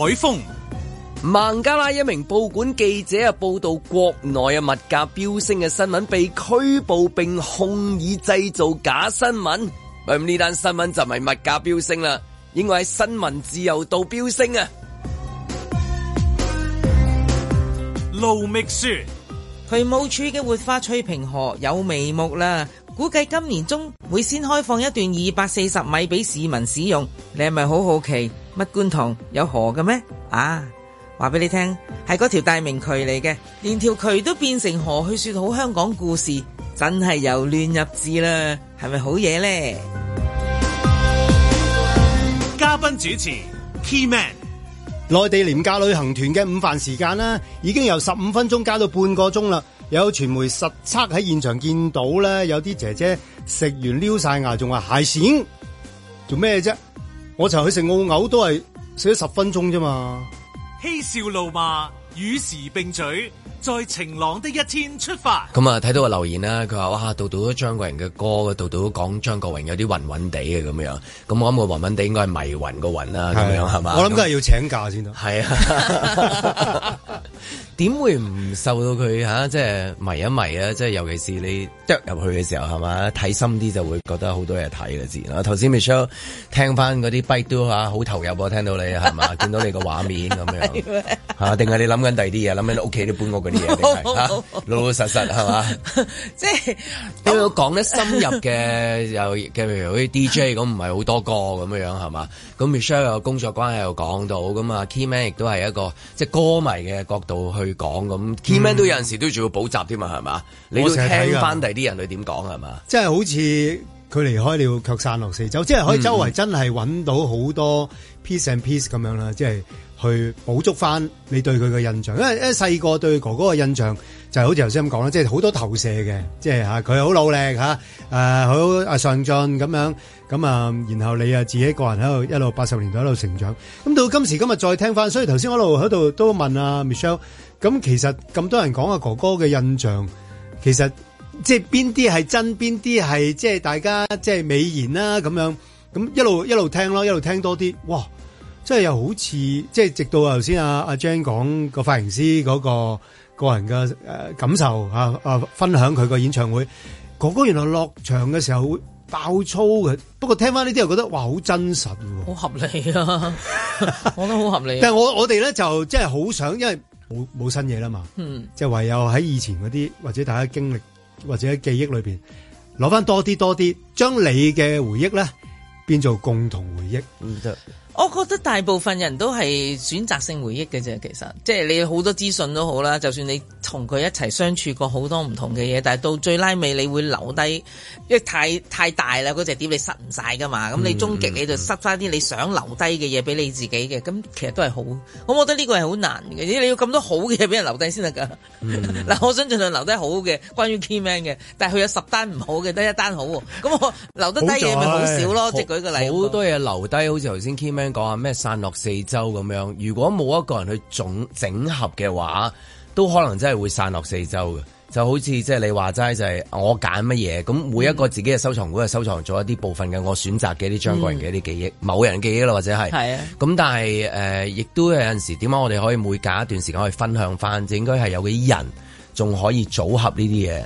海風，孟加拉一名報館記者啊報道國內啊物價飆升嘅新聞被拘捕並控以製造假新聞。咁呢單新聞就唔係物價飆升啦，應該係新聞自由度飆升啊。盧覓雪，佢冇處嘅活化翠屏河有眉目啦。估計今年中會先開放一段二百四十米俾市民使用，你係咪好好奇乜觀塘有河嘅咩？啊，話俾你聽，係嗰條大明渠嚟嘅，連條渠都變成河去說好香港故事，真係由亂入治啦，係咪好嘢呢？嘉賓主持 Keyman，內地廉價旅行團嘅午飯時間啦，已經由十五分鐘加到半個鐘啦。有傳媒實測喺現場見到咧，有啲姐姐食完撩曬牙，仲話蟹線，做咩啫？我就去食澳牛都係食咗十分鐘啫嘛，嬉笑怒罵。與時並舉，在晴朗的一天出發。咁啊，睇到個留言啦，佢話哇，度度都張國榮嘅歌，度度都講張國榮有啲暈暈哋嘅咁樣。咁我諗個暈暈哋應該係迷暈個暈啦，咁樣係嘛？我諗都係要請假先得。係啊，點會唔受到佢吓？即係迷一迷啊！即係尤其是你入入去嘅時候係嘛？睇深啲就會覺得好多嘢，睇嘅自然啊，頭先 Michelle 聽翻啲 b a 吓，好、啊、投入喎、啊。聽到你係嘛？見到你個畫面咁 樣吓，定係 你諗嘅？第啲嘢諗緊屋企都搬過嗰啲嘢定係， 老老實實係嘛？即係都有講得深入嘅，又嘅譬如好似 D J 咁，唔係好多歌咁樣樣係嘛？咁 Michelle 有工作關係又講到咁啊，Keyman 亦都係一個即係、就是、歌迷嘅角度去講咁，Keyman 都、嗯、有陣時都仲要補習添嘛，係嘛？你都聽翻第啲人佢點講係嘛？即係好似佢離開了卻散落四周，嗯、即係可以周圍真係揾到好多 piece and piece 咁樣啦，即係。去補足翻你對佢嘅印象，因為一細個對哥哥嘅印象就好似頭先咁講啦，即係好多投射嘅，即係佢好努力嚇，誒好啊上進咁樣，咁啊然後你啊自己個人喺度一路八十年代一路成長，咁到今時今日再聽翻，所以頭先我一路喺度都問啊 Michelle，咁其實咁多人講阿、啊、哥哥嘅印象，其實即係邊啲係真，邊啲係即係大家即係美言啦咁樣，咁一路一路聽咯，一路聽多啲，哇！即係又好似，即係直到頭先阿阿 Jean 講個髮型師嗰個個人嘅感受啊，分享佢個演唱會，哥哥原來落場嘅時候爆粗嘅。不過聽翻呢啲又覺得哇，好真實，好合理啊，我都好合理，啊。 但係我我哋咧就即係好想，因為冇冇新嘢啦嘛，嗯，即係唯有喺以前嗰啲或者大家經歷或者喺記憶裏邊，攞翻多啲多啲，將你嘅回憶咧變做共同回憶，嗯。我覺得大部分人都係選擇性回憶嘅啫，其實即係你好多資訊都好啦，就算你同佢一齊相處過好多唔同嘅嘢，但係到最拉尾你會留低，因為太太大啦嗰隻碟你塞唔曬噶嘛。咁你終極你就塞翻啲你想留低嘅嘢俾你自己嘅，咁、嗯嗯、其實都係好。我覺得呢個係好難嘅，你要咁多好嘅嘢俾人留低先得噶。嗱、嗯， 我想盡量留低好嘅關於 key man 嘅，但係佢有十單唔好嘅，得一單好，咁我留得低嘢咪好少了咯。好即舉個例子好，好多嘢留低，好似頭先 key man。聽講啊，咩散落四周咁樣，如果冇一個人去總整合嘅話，都可能真係會散落四周嘅。就好似即係你話齋，就係、是、我揀乜嘢，咁每一個自己嘅收藏館係收藏咗一啲部分嘅我選擇嘅一啲張國榮嘅一啲記憶，嗯、某人記憶啦或者係，係啊是的。咁但係誒，亦都有陣時點解我哋可以每隔一段時間可以分享翻，就應該係有啲人仲可以組合呢啲嘢。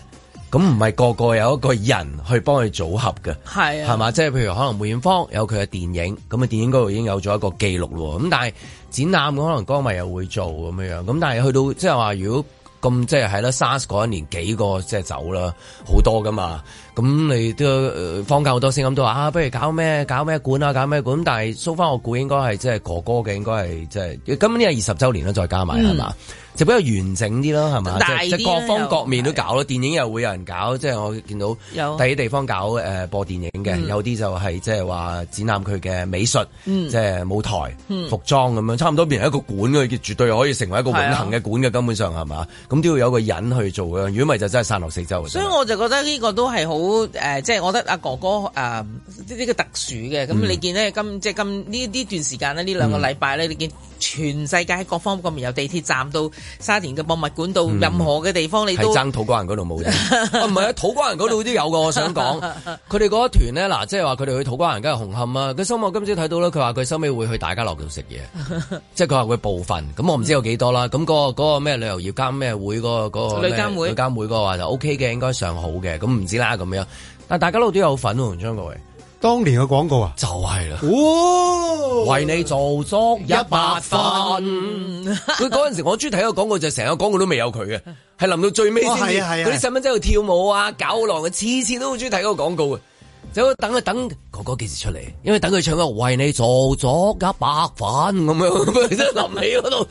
咁唔係個個有一個人去幫佢組合嘅，係啊係嘛？即係譬如可能梅艷芳有佢嘅電影，咁啊電影嗰度已經有咗一個記錄咯，咁但係展覽嘅，可能江民又會做咁樣樣，咁但係去到即係話如果咁即係係咯，沙士嗰一年幾個即係走啦，好多噶嘛，咁你都坊間好多聲音咁都話啊，不如搞咩搞咩館啊，搞咩館，但係蘇翻我估應該係即係哥哥嘅，應該係即係，今呢係二十周年啦，再加埋係嘛。嗯就比較完整啲咯，係咪？即係各方各面都搞咯，電影又會有人搞，即係我見到有第啲地方搞誒播電影嘅，有啲就係即係話展覽佢嘅美術，即係舞台、服裝咁樣，差唔多變成一個館嘅，絕對可以成為一個永恆嘅館嘅，根本上係嘛？咁都要有個人去做嘅，如果唔係就真係散落四周。所以我就覺得呢個都係好誒，即係我覺得阿哥哥誒呢個特殊嘅。咁你見呢？今即係今呢呢段時間呢，呢兩個禮拜咧，你見？全世界喺各方各面，由地鐵站到沙田嘅博物館到，到、嗯、任何嘅地方，你都爭土瓜灣嗰度冇啫。唔係 啊，唔係，土瓜灣嗰度都有噶。我想講佢哋嗰團咧，嗱，即係話佢哋去土瓜灣梗係紅磡啊。佢收我今朝睇到啦，佢話佢收尾會去大家樂度食嘢，即係佢話會部分。咁我唔知有幾多啦。咁嗰、嗯嗰個咩、嗰個、旅遊業監咩會嗰、嗰個嗰個旅監監會嗰話就 O K 嘅，應該上好嘅。咁唔知啦咁樣。但大家樂都有份喎、啊，張各位。當年嘅廣告啊，就係啦，哦、為你做足一百分。佢嗰陣時我廣，我中意睇個廣告就成個廣告都未有佢嘅，係臨到最尾先。嗰啲細蚊仔喺度跳舞啊，搞狼啊，次次都好中意睇嗰個廣告啊，就等一等哥哥幾時出嚟。因為等佢唱個為你做足一百分咁樣，真係諗起嗰度，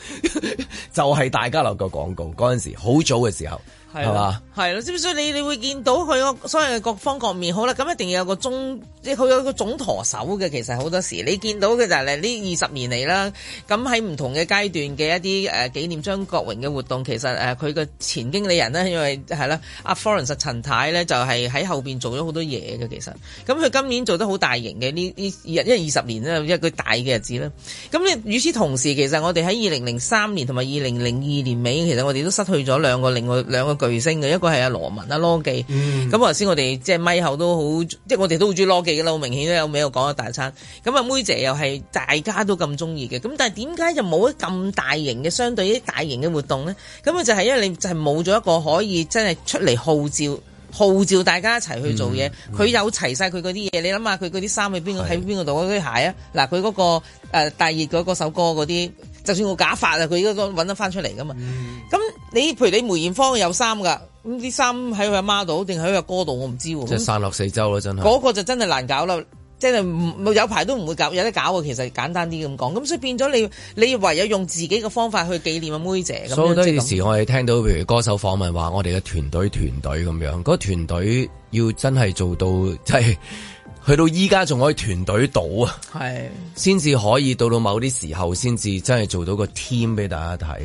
就係大家樂個廣告。嗰陣時好早嘅時候。係嘛？係啦吧，所以你你會見到佢個所謂嘅各方各面，好啦，咁一定要有，有個總，佢有個總舵手嘅。其實好多時你見到嘅就係呢二十年嚟啦，咁喺唔同嘅階段嘅一啲誒紀念張國榮嘅活動，其實誒佢嘅前經理人呢，因為係啦，阿 Florence 陳太呢，就係、是、喺後邊做咗好多嘢嘅。其實咁佢今年做得好大型嘅呢呢，因為二十年啦，一個大嘅日子啦。咁咧，與此同時，其實我哋喺二零零三年同埋二零零二年尾，其實我哋都失去咗兩個另外兩個。巨星嘅一個係阿羅文阿羅記，咁頭先我哋即係咪後都好，即係我哋都好中意羅記嘅啦，好明顯都有名，我講咗大餐。咁阿妹姐又係大家都咁中意嘅，咁但係點解就冇咁大型嘅相對啲大型嘅活動咧？咁啊，就係因為你就係冇咗一個可以真係出嚟號召號召大家一齊去做嘢。佢、嗯嗯、有齊晒佢嗰啲嘢，你諗下佢嗰啲衫喺邊個喺邊個度嗰對鞋啊？嗱，佢嗰、嗰個誒、呃、大熱嗰首歌嗰啲。就算我假髮啊，佢而家都揾得翻出嚟噶嘛。咁、嗯、你譬如你梅艷芳有衫噶，咁啲衫喺佢阿媽度定喺佢阿哥度，我唔知喎。即係散落四周啦，真係。嗰個就真係難搞啦，即係唔有排都唔會搞，有得搞喎。其實簡單啲咁講，咁所以變咗你你唯有用自己嘅方法去紀念阿妹姐。所以好多時我哋聽到譬如歌手訪問話，我哋嘅團隊團隊咁樣，嗰、嗰個、團隊要真係做到即係。即係去到依家仲可以團隊賭啊，係，先至可以到到某啲時候，先至真係做到個 team 俾大家睇。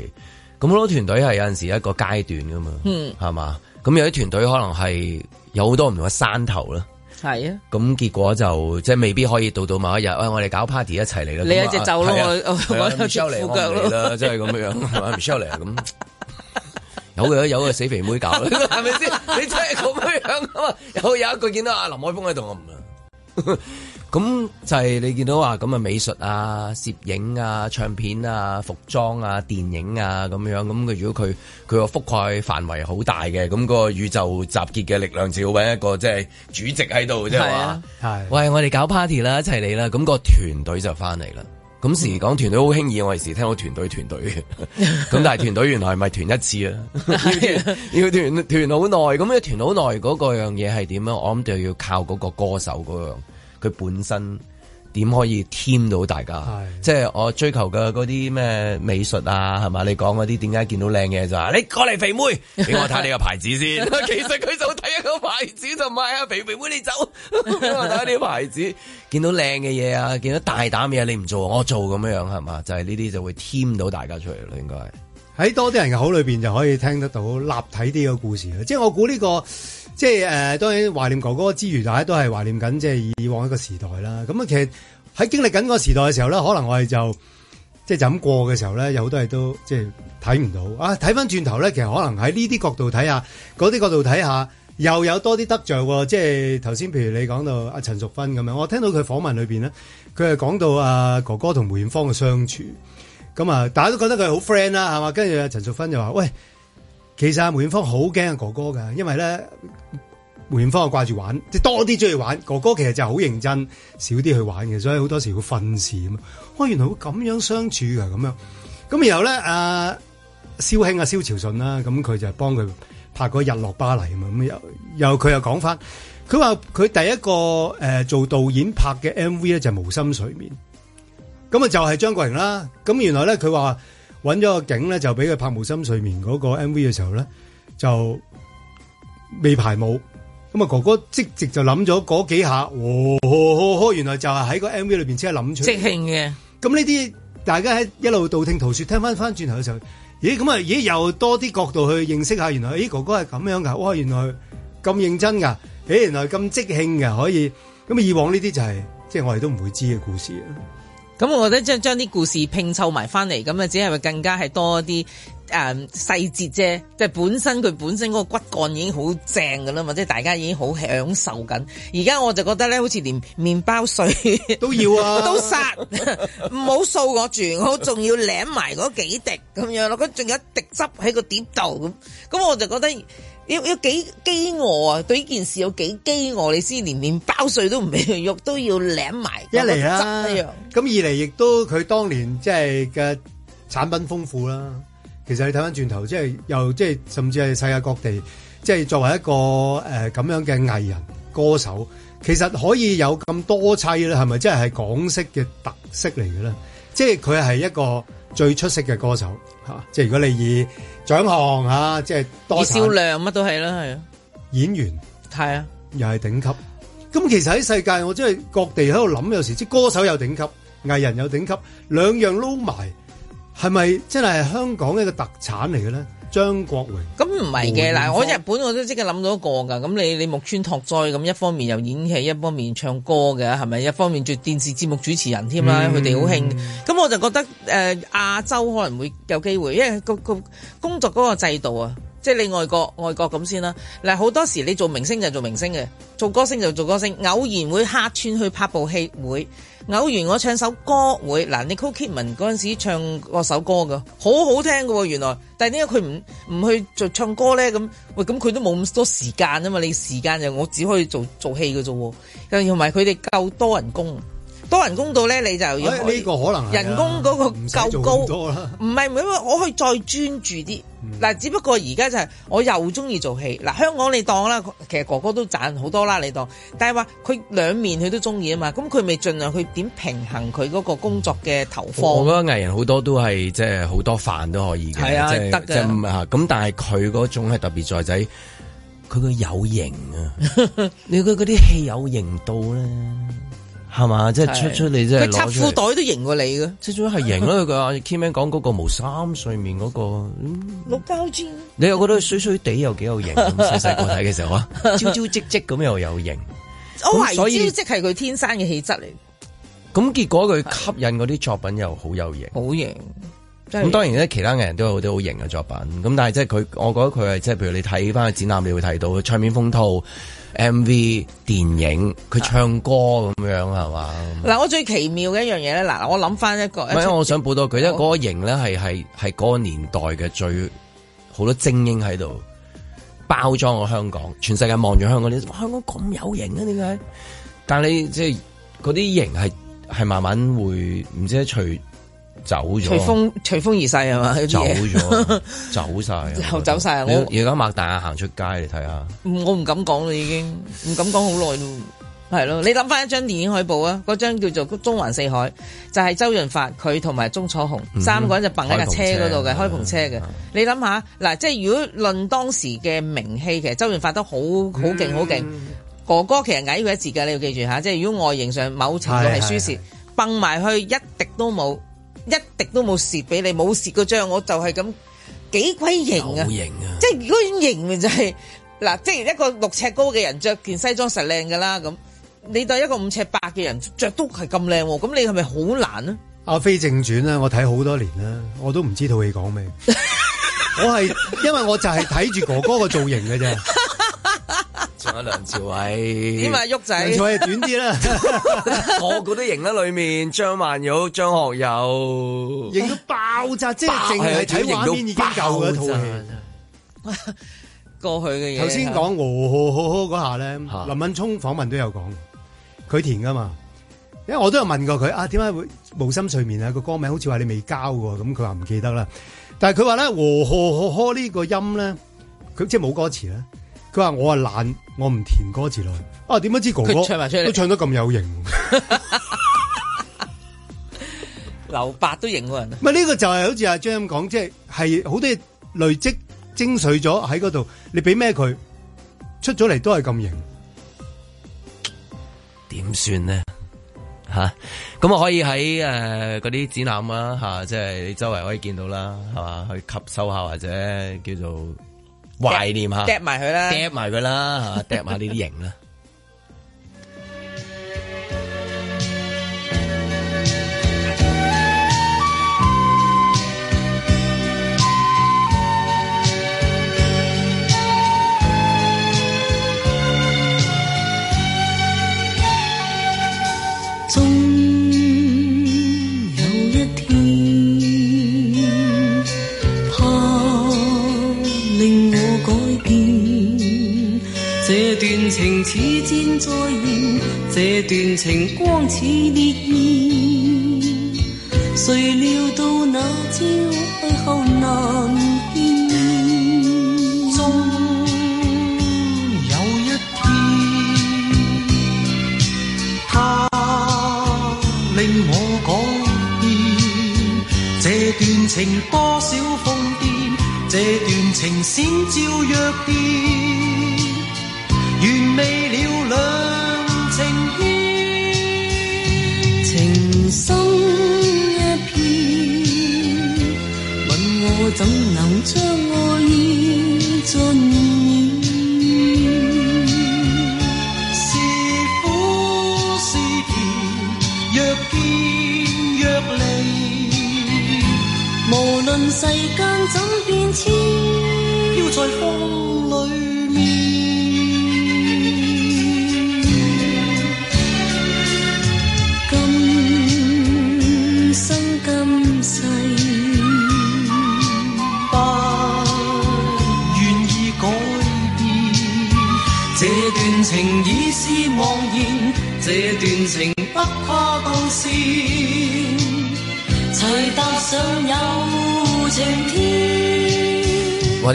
咁好多團隊係有陣時一個階段㗎嘛，嗯，係嘛？咁有啲團隊可能係有好多唔同嘅山頭啦，係啊。咁結果就即係未必可以到到某一日，喂我哋搞 party 一齊嚟你一隻走咯，我著住褲腳咯，真係咁樣，係嘛？唔 show 嚟咁，有嘅有個死肥妹搞，係咪先？你真係咁樣啊？有有一個見到阿林海峰喺度，我唔～咁 就係你見到話，咁啊，美術啊、攝影啊、唱片啊、服裝啊、電影啊咁樣，咁佢如果佢佢個覆蓋範圍好大嘅，咁個宇宙集結嘅力量，就要搵一個即係主席喺度，即係話：啊「係、啊。喂，我哋搞 party 啦，一齊嚟啦，咁個團隊就翻嚟啦。咁時講團隊好輕易，我哋時聽到團隊團隊，咁 但係團隊原來係咪團一次啦， 要團團好耐。咁一團好耐，嗰個樣嘢係點樣？我諗就要靠嗰個歌手嗰樣。佢本身點可以添到大家？是即係我追求嘅嗰啲咩美術啊，係嘛？你講嗰啲點解見到靚嘢就話你過嚟，肥妹，俾我睇你個牌子先。 其實佢就睇一個牌子就唔係啊，肥肥妹你走，俾 我睇啲牌子。見到靚嘅嘢啊，見到大膽嘅嘢你唔做，我做咁樣樣係嘛？就係呢啲就會添到大家出嚟啦，應該喺多啲人嘅口裏邊就可以聽得到立體啲嘅故事，即係我估呢個。即係誒、呃，當然懷念哥哥之餘，大家都係懷念緊即係以往一個時代啦。咁啊，其實喺經歷緊個時代嘅時候咧，可能我哋就即係怎過嘅時候咧，有好多嘢都即係睇唔到啊。睇翻轉頭咧，其實可能喺呢啲角度睇下，嗰啲角度睇下，又有多啲得著喎。即係頭先，譬如你講到阿陳淑芬咁樣，我聽到佢訪問裏邊咧，佢係講到阿、啊、哥哥同梅艷芳嘅相處。咁啊，大家都覺得佢係好 friend 啦，係嘛？跟住阿陳淑芬就話，喂。其實啊，梅艷芳好驚阿哥哥噶，因為咧梅艷芳掛住玩，即係多啲中意玩。哥哥其實就好認真，少啲去玩嘅，所以好多時會分事咁啊。原來會咁樣相處噶咁樣，咁然後咧啊，蕭卿啊、蕭朝順啦，咁佢就係幫佢拍嗰日落巴黎啊嘛。咁又又佢又講翻，佢話佢第一個誒、呃、做導演拍嘅 MV 咧就係、是《無心睡眠》，咁啊就係張國榮啦。咁原來咧佢話。揾咗個景咧，就俾佢拍無心睡眠嗰個 M V 嘅時候咧，就未排舞。咁啊哥哥即直就諗咗嗰幾下哦哦，哦，原來就係喺個 M V 裏邊即刻諗出即興嘅。咁呢啲大家喺一路道聽途說，聽翻翻轉頭嘅時候，咦，咁啊咦，咦又多啲角度去認識下，原來咦哥哥係咁樣噶，哇，原來咁認真噶，誒，原來咁即興嘅可以。咁以往呢啲就係即係我哋都唔會知嘅故事啊。咁我覺得將啲故事拼湊埋翻嚟，咁啊只係咪更加係多啲、嗯、細節啫。即係本身佢本身嗰個骨幹已經好正噶啦嘛，即大家已經好享受緊。而家我就覺得咧，好似連麵包碎都要啊，都殺，唔好 掃我住，我仲要舐埋嗰幾滴咁樣咯。佢仲有一滴汁喺個碟度咁，咁我就覺得。要要幾飢餓啊？對呢件事有幾飢餓，你先連麵包碎都唔俾佢，肉都要舐埋。一嚟啊，咁樣二嚟亦都佢當年即係嘅、啊、產品豐富啦。其實你睇翻轉頭，即係又即係甚至係世界各地，即係作為一個誒咁、呃、樣嘅藝人歌手，其實可以有咁多妻咧，係咪？即係係港式嘅特色嚟嘅咧。即係佢係一個最出色嘅歌手吓、啊。即係如果你以獎項啊，即係多。你銷量乜都係啦，係啊。演員係啊，又係頂級。咁其實喺世界，我真係各地喺度諗，有時即係歌手有頂級，藝人有頂級，兩樣撈埋，係咪真係香港一個特產嚟嘅咧？張國榮咁唔係嘅，嗱我日本我都即刻諗到一個噶，咁你你木村拓哉，咁一方面又演戲，一方面唱歌嘅，係咪？一方面做電視節目主持人添啦，佢哋好興。咁我就覺得誒，亞洲可能會有機會，因為個個工作嗰個制度啊。即係你外國外國咁先啦，嗱好多時你做明星就做明星嘅，做歌星就做歌星，偶然會客串去拍部戲會，偶然我唱首歌會，嗱你 Nicole Kidman 嗰陣時唱嗰首歌㗎，好好聽㗎喎、啊、原來，但係點解佢唔唔去做唱歌咧咁？喂，咁佢都冇咁多時間啊嘛，你時間就我只可以做做戲嘅啫喎，又同埋佢哋夠多人工。多人工到咧，你就要可，這個可能、啊、人工嗰個夠高，唔係唔係，我可以再專注啲。嗱，嗯、只不過而家就係、是、我又中意做戲。嗱，香港你當啦，其實哥哥都賺好多啦，你當。但係話佢兩面佢都中意啊嘛，咁佢咪盡量佢去點平衡佢嗰個工作嘅投放。我覺得藝人好多都係即係好多飯都可以嘅，即係得嘅。咁但係佢嗰種係特別在仔，佢、就、個、是、有型啊！ 你佢嗰啲戲有型到咧。係嘛，即係、就是、出出嚟即係，插褲袋都型過你嘅。出出係型咯，佢阿 Kimmy 講嗰個毛衫睡眠嗰個，我交尖。你又覺得佢水水地又幾有型，細細個睇嘅時候啊，朝朝夕夕咁又有型。我懷疑係佢天生嘅氣質嚟。咁結果佢吸引嗰啲作品又很有好有型，好型。咁當然咧，其他嘅人都有啲好型嘅作品。咁但係即係佢，我覺得佢係即係，譬如你睇翻個展覽，你會睇到佢唱片封套。MV 電影佢唱歌咁樣，係嘛？嗱、啊吧，我最奇妙嘅一樣嘢咧，嗱，我諗翻一個，唔係，我想補多佢。因為嗰個型咧係係係嗰個年代嘅最好多精英喺度包裝我香港，全世界望住香港，你香港咁有型啊？點解？但係你即係嗰啲型係係慢慢會唔知除。隨走咗，隨風隨風而逝係嘛？走咗，走曬，又走晒。而家擘大眼行出街，你睇下。我唔敢講啦，已經唔敢講好耐咯，係咯。你諗翻一張電影海報啊，嗰張叫做《縱橫四海》，就係周潤發佢同埋鍾楚紅三個人就蹦喺架車嗰度嘅開篷車嘅。你諗下嗱，即係如果論當時嘅名氣，其實周潤發都好好勁，好勁。哥哥其實矮佢一截嘅，你要記住下，即係如果外形上某程度係輸蝕，蹦埋去一滴都冇。一滴都冇蝕俾你，冇蝕嗰張，我就係咁幾鬼型啊！即係如果型咪就係、係、嗱，即係一個六尺高嘅人着件西裝實靚噶啦咁，你對一個五尺八嘅人着都係咁靚，咁你係咪好難啊？阿飛正傳啊，我睇好多年啦，我都唔知道你講咩， 我係因為我就係睇住哥哥個造型嘅啫。梁朝偉，點啊旭仔？梁朝偉短啲啦，我 個都型得裏面張曼玉、張學友影到爆炸，即係淨係睇畫面已經夠嘅套戲。炸戲過去嘅嘢，頭先講和和呵呵嗰下咧，啊、林敏驄訪問都有講，佢填噶嘛，因為我都有問過佢啊，點解會無心睡眠啊？個歌名好似話你未交嘅，咁佢話唔記得啦。但係佢話咧，和、喔、和呵呵呢、這個音咧，佢即係冇歌詞咧。佢話我啊，懶，我唔填歌詞咯。啊，點解知哥哥唱埋出嚟都唱得咁有型？劉伯 都型過人啊！咪、這、呢個就係好似阿張咁講，即係係好多嘢累積、精髓咗喺嗰度。你俾咩佢出咗嚟都係咁型，點算呢？吓，咁我可以喺誒嗰啲展覽啦吓，即、啊、係、就是、你周圍可以見到啦，係嘛，去吸收下或者叫做。懷念吓，抌埋佢啦，抌埋佢啦吓，抌埋呢啲型啦。情似箭在燃，這段情光似烈焰。誰料到那朝去後難。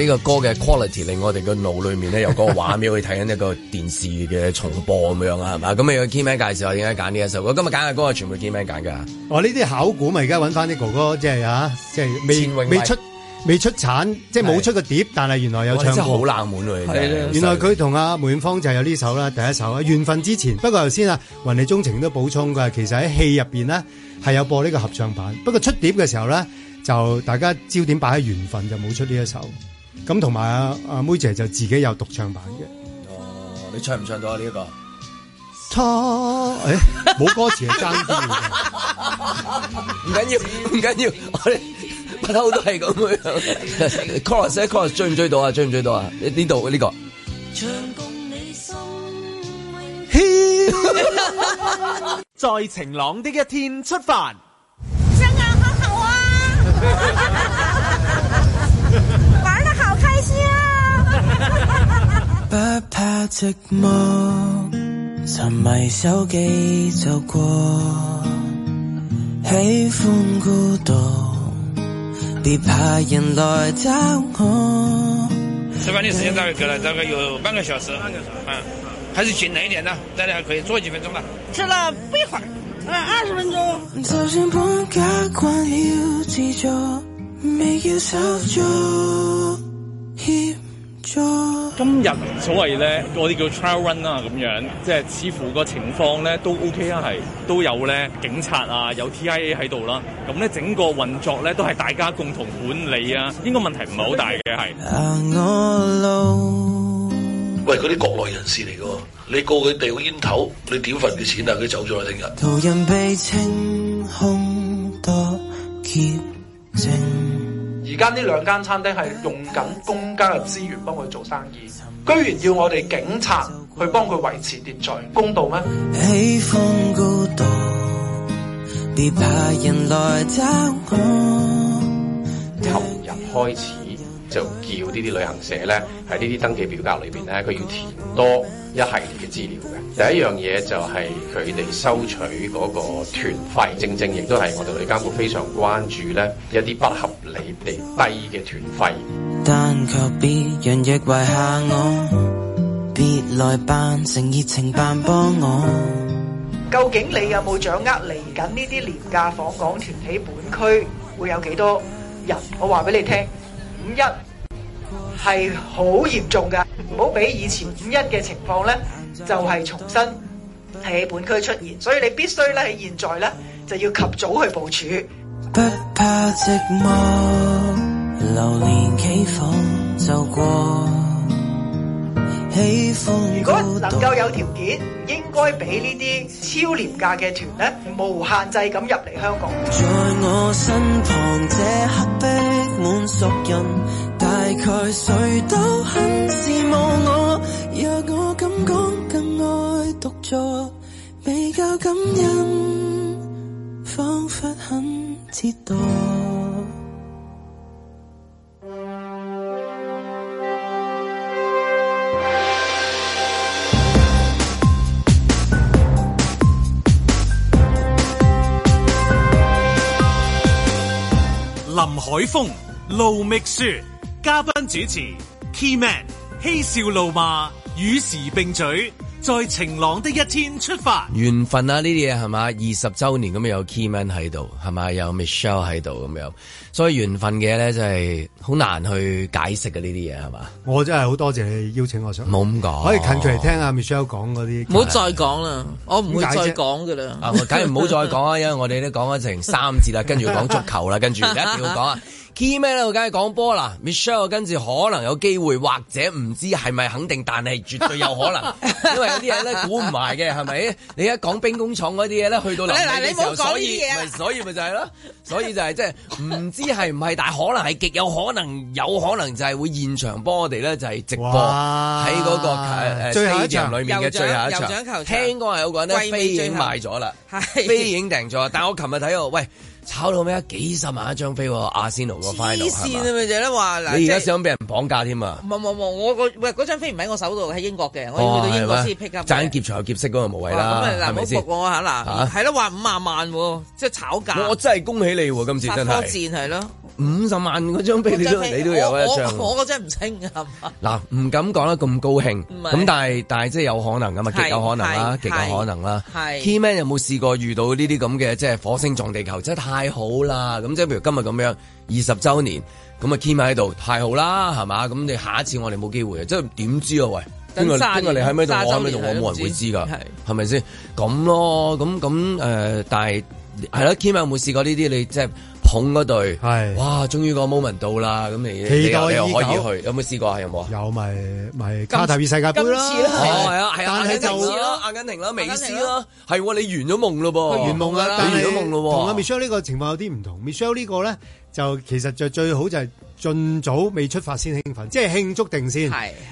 呢個歌嘅 quality 令我哋個腦裏面咧由嗰個畫面去睇緊一個電視嘅重播咁 樣啊，係嘛？咁啊，Kimi 介紹下點解揀呢一首歌？今日揀嘅歌係全部 Kimi 揀噶。哦，呢啲考古咪而家揾翻啲哥哥，即係啊，即係未未出未出產，即係冇是出個碟，但係原來有唱好、哦、冷門原來佢同阿梅艷芳就係有呢首啦，第一首啊，《緣分之前》。不過頭先啊，雲裏鍾情都補充㗎，其實喺戲入邊呢，係有播呢個合唱版，不過出碟嘅時候呢，就大家焦點擺喺緣分，就冇出呢一首。咁同埋阿阿妹姐就自己有獨唱版嘅。哦，你唱唔唱到啊？呢、這、一個，錯、啊，誒、哎，冇歌詞係爭啲，唔緊要，唔緊要，我哋不嬲都係咁樣。Chorus 追唔追到啊？追唔追到啊？呢度呢個。 在晴朗的一天出發。真係好好啊！ 食飯嘅時間大概夠了，大概有半個小時。半個小時，嗯，還是緊了一點呢，大家可以坐幾分鐘吧。食了不一會兒，二十分鐘。嗯。今日所謂咧，嗰啲叫 trial run 啊，咁樣即係似乎個情況咧都 OK 啦，係都有咧警察啊，有 TIA 喺度啦，咁咧整個運作咧都係大家共同管理啊，應、這、該、個、問題唔係好大嘅係。喂，嗰啲國內人士嚟噶，你告佢掉煙頭，你點份嘅錢啊？佢走咗啦，聽日。而家呢兩間餐廳係用緊公家嘅資源幫佢做生意，居然要我哋警察去幫佢維持秩序公道咩？喜歡孤獨。今日開始。就叫呢啲旅行社咧，喺呢啲登記表格裡邊咧，佢要填多一系列嘅資料嘅。第一樣嘢就係佢哋收取嗰個團費，正正亦都係我哋旅監局非常關注咧一啲不合理地低嘅團費。但求別人亦為下我，別來扮成熱情辦幫我。究竟你有冇掌握嚟緊呢啲廉價訪港團喺本區會有幾多人？我話俾你聽。五一係好嚴重㗎，唔好俾以前五一嘅情況咧，就係重新喺本區出現，所以你必須咧喺現在咧就要及早去部署。喜如果能夠有條件，應該俾呢啲超廉價嘅團呢無限制咁入嚟香港。在我身旁，這刻逼滿熟人，大概誰都很羨慕我。若我咁講，更愛獨坐，未夠感恩，仿佛很折墮。林海峰、盧覓雪，嘉賓主持 Key Man，嬉笑怒罵，與時並舉。在晴朗的一天出發，緣分啊呢啲嘢係嘛？二十周年咁有 Keyman 喺度係嘛？有 Michelle 喺度咁樣，所以緣分嘅咧就係好難去解釋嘅呢啲嘢係嘛？我真係好多謝你邀請我上。唔好咁講，可以近距離嚟聽下 Michelle 講嗰啲。唔好再講啦，我唔會再講噶啦。啊，我梗係唔好再講啦，因為我哋都講咗成三字啦， 跟住講足球啦，跟住而家要講啊。key 咩咧？我梗係講波啦。Michelle 跟住可能有機會，或者唔知係咪肯定，但係絕對有可能，因為有啲嘢咧估唔埋嘅，係咪？你一講兵工廠嗰啲嘢咧，去到臨嘅時候，所以咪所以咪就係咯，所以就係即係唔知係唔係，但係可能係極有可能，有可能就係會現場幫我哋咧，就係直播喺嗰個誒飛場裏面嘅最後一場。聽講係有個人咧飛已經賣咗啦，飛已經訂咗，但我琴日睇到喂。炒到咩？幾十萬一張飛，阿仙奴個 final 係咪？就你而家想俾人綁架添啊？唔係唔係，我喂嗰張飛唔喺我手度，喺英國嘅，我要去到英國先至劫財劫色嗰個無謂啦。咁嗱，唔好博我吓嗱，係咯話五萬萬，即係炒價。我真係恭喜你喎，今次發多箭係咯，五十萬嗰張飛你都有一張，我我真唔清係嗱，唔敢講得咁高興，咁但係但係即係有可能㗎嘛？極有可能啦，極有可能啦。Keyman 有冇試過遇到呢啲咁嘅即係火星撞地球？太好啦！咁即係，譬如今日咁樣二十周年，咁啊 Kim 喺度，太好啦，係嘛？咁你下一次我哋冇機會，即係點知啊？喂，今日今日你喺咩度？我喺咩度？我冇人會知噶，係咪先？咁咯，咁咁誒，但係係啦，Kim 有冇試過呢啲？你即係。捧係，哇！終於個 moment 到啦，咁你你又可以去，有冇試過啊？有冇有咪卡塔爾世界杯咯，但係就阿阿根廷啦，美斯咯，係你圓咗夢咯噃，圓夢啦，圓咗夢咯。同阿 Michelle 呢個情況有啲唔同，Michelle 呢個咧就其實就最好就係盡早未出發先興奮，即係慶祝定先，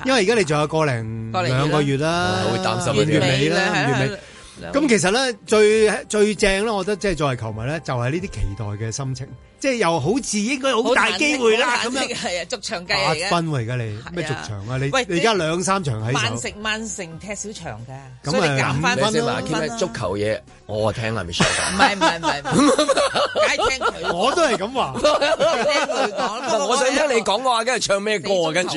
因為而家你仲有個零兩個月啦，會擔心月尾月尾。咁其實咧最最正咧，我覺得即係作為球迷咧，就係呢啲期待嘅心情。即係又好似應該好大機會啦，咁樣係啊，逐場計嚟嘅分喎，而家你咩逐場啊你？喂，你而家兩三場喺萬城萬城踢少場㗎，所以減翻啲先啦。傾翻足球嘢，我啊聽阿 Michelle 唔係，唔係唔係，梗係聽佢，我都係咁話。我想聽你講嘅話，跟住唱咩歌啊？跟住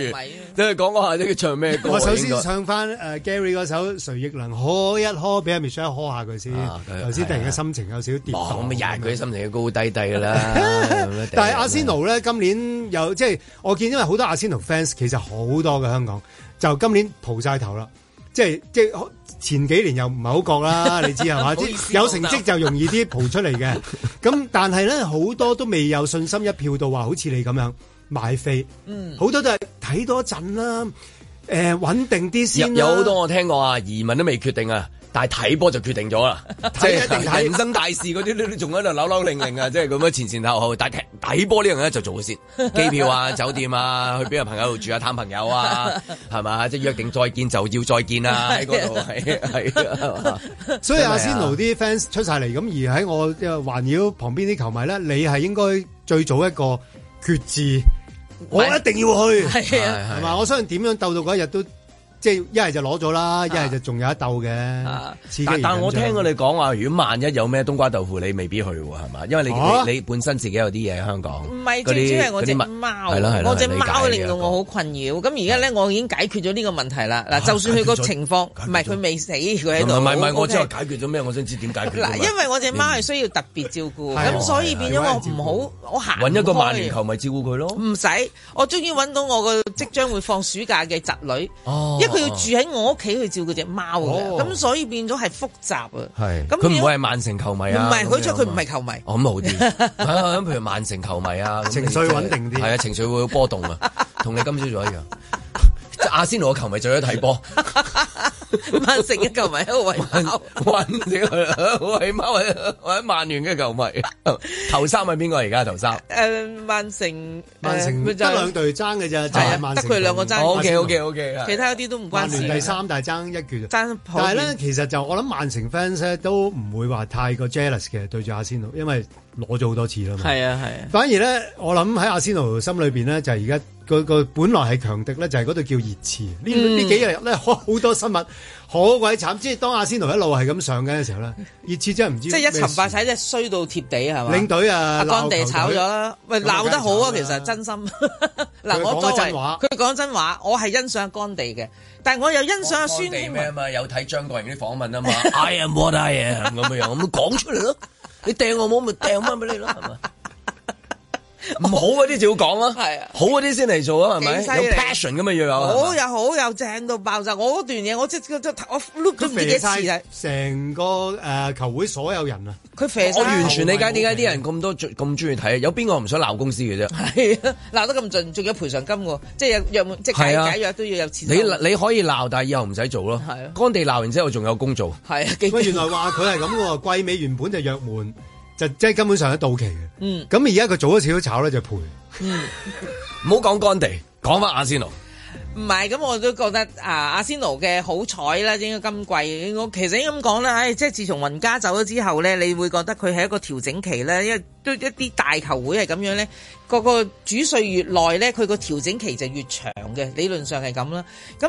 都係講講下啲唱咩歌。首先唱翻誒 Gary 嗰首《誰亦能呵一呵》，俾阿 Michelle 呵下佢先。頭先突然間心情有少跌落，咁啊日佢心情高高低低㗎啦。 但係阿仙奴咧，今年有即係我見，因為好多阿仙奴 fans 其實好多嘅香港，就今年蒲晒頭啦，即係即係前幾年又唔係好覺啦，你知係嘛？ 有成績就容易啲蒲出嚟嘅。咁 但係咧，好多都未有信心一票到話，好似你咁樣買飛，嗯、好多都係睇多陣啦，誒、呃，穩定啲先，有好多我聽過啊，移民都未決定啊。但係睇波就決定咗啦，即係人生大事嗰啲，你仲喺度扭扭擰擰啊，即係咁樣前前後後，但睇波呢樣嘢就做先，機票啊、酒店啊，去邊個朋友度住啊，探朋友啊，係嘛，即係約定再見就要再見啦，喺嗰度係所以阿仙奴啲 fans 出晒嚟，咁而喺我環繞旁邊啲球迷咧，你係應該最早一個決志，我一定要去，係啊，係嘛，我相信點樣鬥到嗰一日都。即係一係就攞咗啦，一係就仲有一鬥嘅。但我聽過你講話，如果萬一有咩冬瓜豆腐，你未必去係嘛？因為你你本身自己有啲嘢喺香港。唔係，最主要係我隻貓，我隻貓令到我好困擾。咁而家咧，我已經解決咗呢個問題啦。嗱，就算佢個情況，唔係佢未死，佢喺度。唔係係，我解決咗咩，我想知點解決。嗱，因為我隻貓係需要特別照顧，咁所以變咗我唔好我行開搵一個萬年球咪照顧佢咯。唔使，我終於搵到我個即將會放暑假嘅侄女。哦。佢要住喺我屋企去照嗰隻貓啊，咁、哦哦、所以變咗係複雜啊。係是，咁佢唔會係曼城球迷啊？唔係樣，佢佢唔係球迷。嗎我諗好啲。咁譬 如曼城球迷啊，情緒穩定啲。係啊、就是，情緒會有波動啊，同 你今朝早一樣。阿仙奴嘅球迷最鍾意睇波。 曼城一球迷，一個喂貓，玩死佢啦！喂貓喺喺曼聯嘅球迷。頭三係邊個而家頭三？誒，曼城曼城得兩隊爭嘅咋，得佢兩個爭。OK，OK，OK，其他一啲都唔關事。第三大爭一決，爭。但係咧，其實就我諗曼城 fans 咧都唔會話太過 jealous 嘅對住阿仙奴，因為。攞咗好多次啦嘛，係啊係啊。反而咧，我諗喺阿仙奴心裏邊咧，就係而家個本來係強敵咧，就係嗰對叫熱刺。呢呢幾日咧，好多新聞，好鬼慘。即係當阿仙奴一路係咁上嘅時候咧，熱刺真係唔知。即係一沉百踩，即係衰到貼地係嘛。領隊啊，阿干地炒咗啦，喂鬧得好啊，其實真心。嗱我再就係佢講真話，我係欣賞阿干地嘅，但係我又欣賞阿孫咩啊嘛，有睇張國榮啲訪問啊嘛，I am what I am 咁樣咁講出嚟咯。你掟我冇，咪掟翻俾你咯，係咪？ 唔好嗰啲就要講啦，係啊，好嗰啲先嚟做啊，係咪？有 passion 噶嘛，要有，好又好又正到爆炸，我嗰段嘢，我即即我 look 都唔止一次，成個誒球會所有人啊，佢啡晒，我完全理解點解啲人咁多咁中意睇。有邊個唔想鬧公司嘅啫？係鬧、啊、得咁盡，仲有賠償金嘅，即係約滿即解、啊、解約都要有錢。你你可以鬧，但係以後唔使做咯。係啊，干地鬧完之後仲有工做。係啊，咁原來話佢係咁嘅，季尾原本就約滿。就即係根本上係到期嘅，咁而家佢做咗少少炒咧就賠，唔好講乾地，講翻阿仙奴。唔係，咁我都覺得啊，阿仙奴嘅好彩啦！應該今季，其實應咁講啦。即係自從雲加走咗之後咧，你會覺得佢係一個調整期咧，因為都一啲大球會係咁樣咧，個個主帥越耐咧，佢個調整期就越長嘅，理論上係咁啦。咁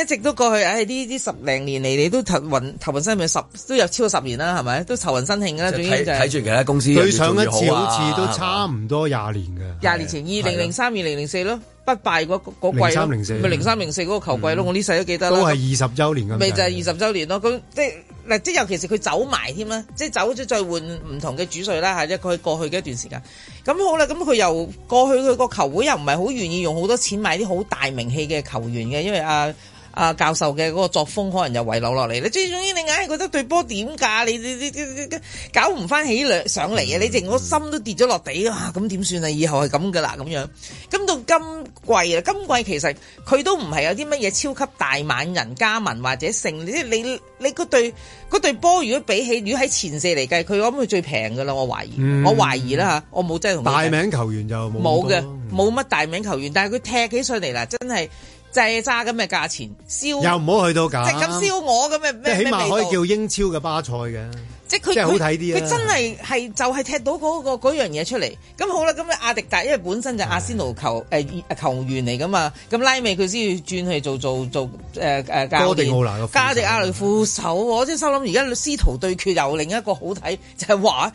一直都過去，呢、哎、啲十零年嚟，你都頭暈頭暈身都十都有超過十年啦，係咪？都頭暈身慶啦，看總之就係睇住其他公司、啊、對上一次好似都差唔多廿年嘅廿年前，二零零三、二零零四咯，不敗嗰嗰季。三零四。零三零四嗰個球季咯，嗯、我呢世都記得咯。都係二十週年咁。咪就係二十週年咯，咁即係嗱，即係尤其是佢走埋添啦，即走咗再換唔同嘅主帥啦，係即佢過去嘅一段時間。咁好啦，咁佢又過去佢個球會又唔係好願意用好多錢買啲好大名氣嘅球員嘅，因為、啊啊！教授嘅嗰個作風可能又遺留落嚟你最終於你硬係覺得對波點㗎？你你你，你搞唔翻起上嚟啊！你成個心都跌咗落地啊！咁點算啊？以後係咁噶啦咁樣。咁到今季啊，今季其實佢都唔係有啲乜嘢超級大猛人加盟或者剩，即你你嗰對嗰對波如果比起如果喺前四嚟計，佢諗佢最平噶啦，我懷疑，嗯、我懷疑啦吓我冇真係同大名球員就冇嘅，冇乜、嗯、大名球員，但係佢踢起上嚟嗱，真係。就係揸咁嘅價錢，燒又唔好去到價。即咁燒鵝咁嘅咩咩味起碼可以叫英超嘅巴塞嘅，即係好睇啲啊！佢真係係就係踢到嗰、嗰個嗰樣嘢出嚟，咁好啦。咁阿迪達因為本身就阿仙奴球唉球員嚟噶嘛，咁拉尾佢先至轉去做做做誒誒、呃、哥迪奧拿、哥迪奧拿副手，我真係心諗而家師徒對決又另一個好睇，就係、是、話。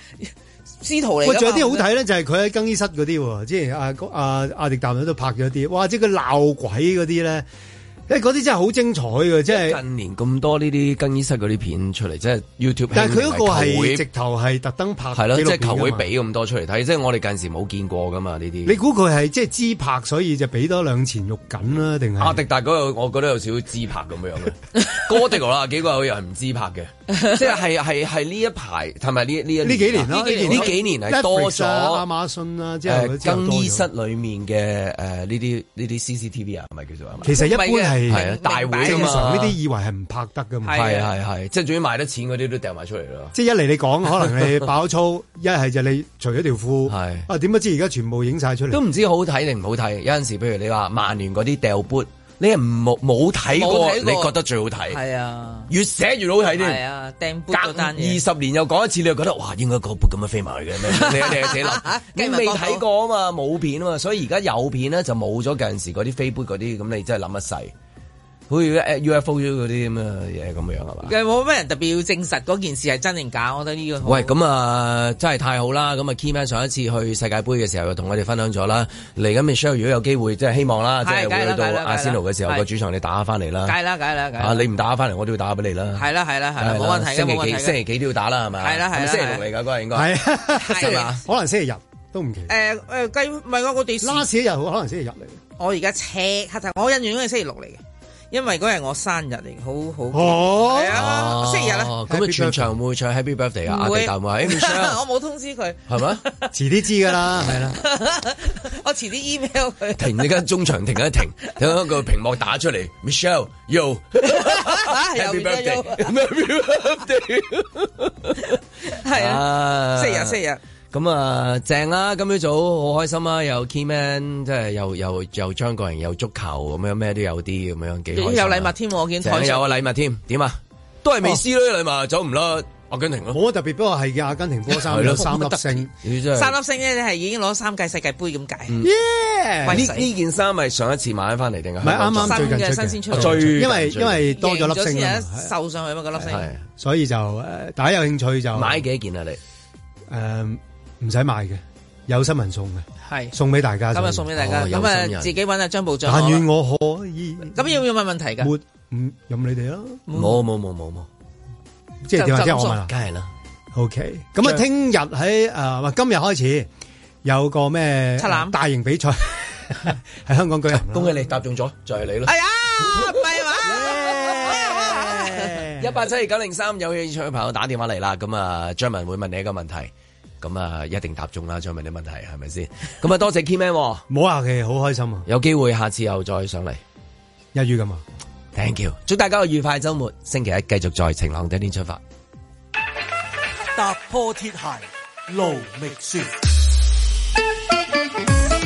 師徒嚟噶嘛？喂，仲有啲好睇咧，就係佢喺更衣室嗰啲喎，即係阿阿阿迪達斯都拍咗啲，哇！即係佢鬧鬼嗰啲咧。即係嗰啲真係好精彩嘅，即係近年咁多呢啲更衣室嗰啲片出嚟，即係 YouTube。但係佢嗰個係直頭係特登拍，係咯，即係球會俾咁多出嚟睇，即係我哋近時冇見過噶嘛呢啲。你估佢係即係自拍，所以就俾多兩錢肉緊啦，定係？阿迪達嗰個我覺得有少少自拍咁樣嘅。哥迪羅啦，幾個又係唔自拍嘅，即係係係呢一排同埋呢呢幾年呢幾年呢幾年係多咗。亞馬遜啊，即係更衣室裏面嘅誒呢啲呢啲 CCTV 啊，唔係叫做其實一般係。係啊，大會啊嘛，呢啲以為係唔拍得嘅、啊，係啊係係、啊啊啊，即係最緊要賣得錢嗰啲都掉埋出嚟咯。即係一嚟你講，可能你爆粗； 一係就你除咗條褲，係啊，點、啊、不知而家全部影晒出嚟，都唔知好睇定唔好睇。有陣時，譬如你話曼聯嗰啲掉杯，你係唔冇冇睇過？過你覺得最好睇？係啊，越寫越好睇啲，係啊，二十年又講一次，你又覺得哇，應該個杯咁樣飛埋去嘅咩？你啊你,你,你啊，寫你未睇過啊嘛，冇片啊嘛，所以而家有片咧就冇咗。有陣時嗰啲飛杯嗰啲，咁你真係諗一世。好似 U.F.O. 嗰啲咁嘅嘢咁樣係嘛？誒，冇乜人特別要證實嗰件事係真定假，我覺得呢個。喂，咁啊，真係太好啦！咁啊 Keyman 上一次去世界杯嘅時候，同我哋分享咗啦。嚟緊嘅 share，如果有機會，即係希望啦，即係會去到阿仙奴嘅時候個主場，你打翻嚟啦。梗係啦，梗係啦，梗係啦。你唔打翻嚟，我都要打俾你啦。係啦，係啦，係啦，冇問題。星期幾？星期幾都要打啦，係咪？係啦，係。星期六嚟㗎嗰日應該係啊，可能星期日都唔奇。誒誒，計唔係喎，我哋拉屎一日可能星期日嚟。我而家赤我印象嗰日星期六嚟嘅。因為嗰日我生日嚟，好好係啊，星期日啦。咁啊，全場會唱 Happy Birthday 啊，阿弟大媽 Michelle，我冇通知佢，係咪？遲啲知噶啦，係啦。我遲啲 email 佢。停，而家中場停一停，等個屏幕打出嚟，Michelle，Yo Happy Birthday，Happy Birthday，係啊，星期日星期日。咁啊正啦！今朝早好開心啊，又 key man，即係又又又張國榮又足球咁樣，咩都有啲咁樣，幾有禮物添。我見台有啊禮物添，點啊？都係美斯咯禮物，走唔甩阿根廷咯。冇乜特別，不過係嘅阿根廷波衫三粒星，三粒星咧你係已經攞三屆世界杯咁解。耶！呢呢件衫咪上一次買翻嚟定係？唔係啱啱最近出，新鮮出。最因為因為多咗粒星啦，瘦上去乜嘅粒星。所以就大家有興趣就買幾件啊你？誒。唔使賣嘅，有新聞送嘅，係送俾大家。今日，送俾大家。咁啊，自己揾阿張部長。但願我可以。咁要唔要問問題噶？冇，唔任你哋咯。冇冇冇冇冇。即係即係我問啦。梗係啦。OK。咁啊，聽日喺誒，今日開始有個咩？七欖大型比賽，喺香港舉行。恭喜你，答中咗就係你咯。係啊，唔係嘛？一八七二九零三有興趣嘅朋友打電話嚟啦。咁啊，張文會問你一個問題。咁啊，一定答中啦！再問啲問題係咪先？咁啊， 多謝 Keyman 好話好開心啊！有機會下次又再上嚟，一於咁啊！Thank you，祝大家個愉快周末，星期一繼續在晴朗的一天出發，踏破鐵鞋路未絕。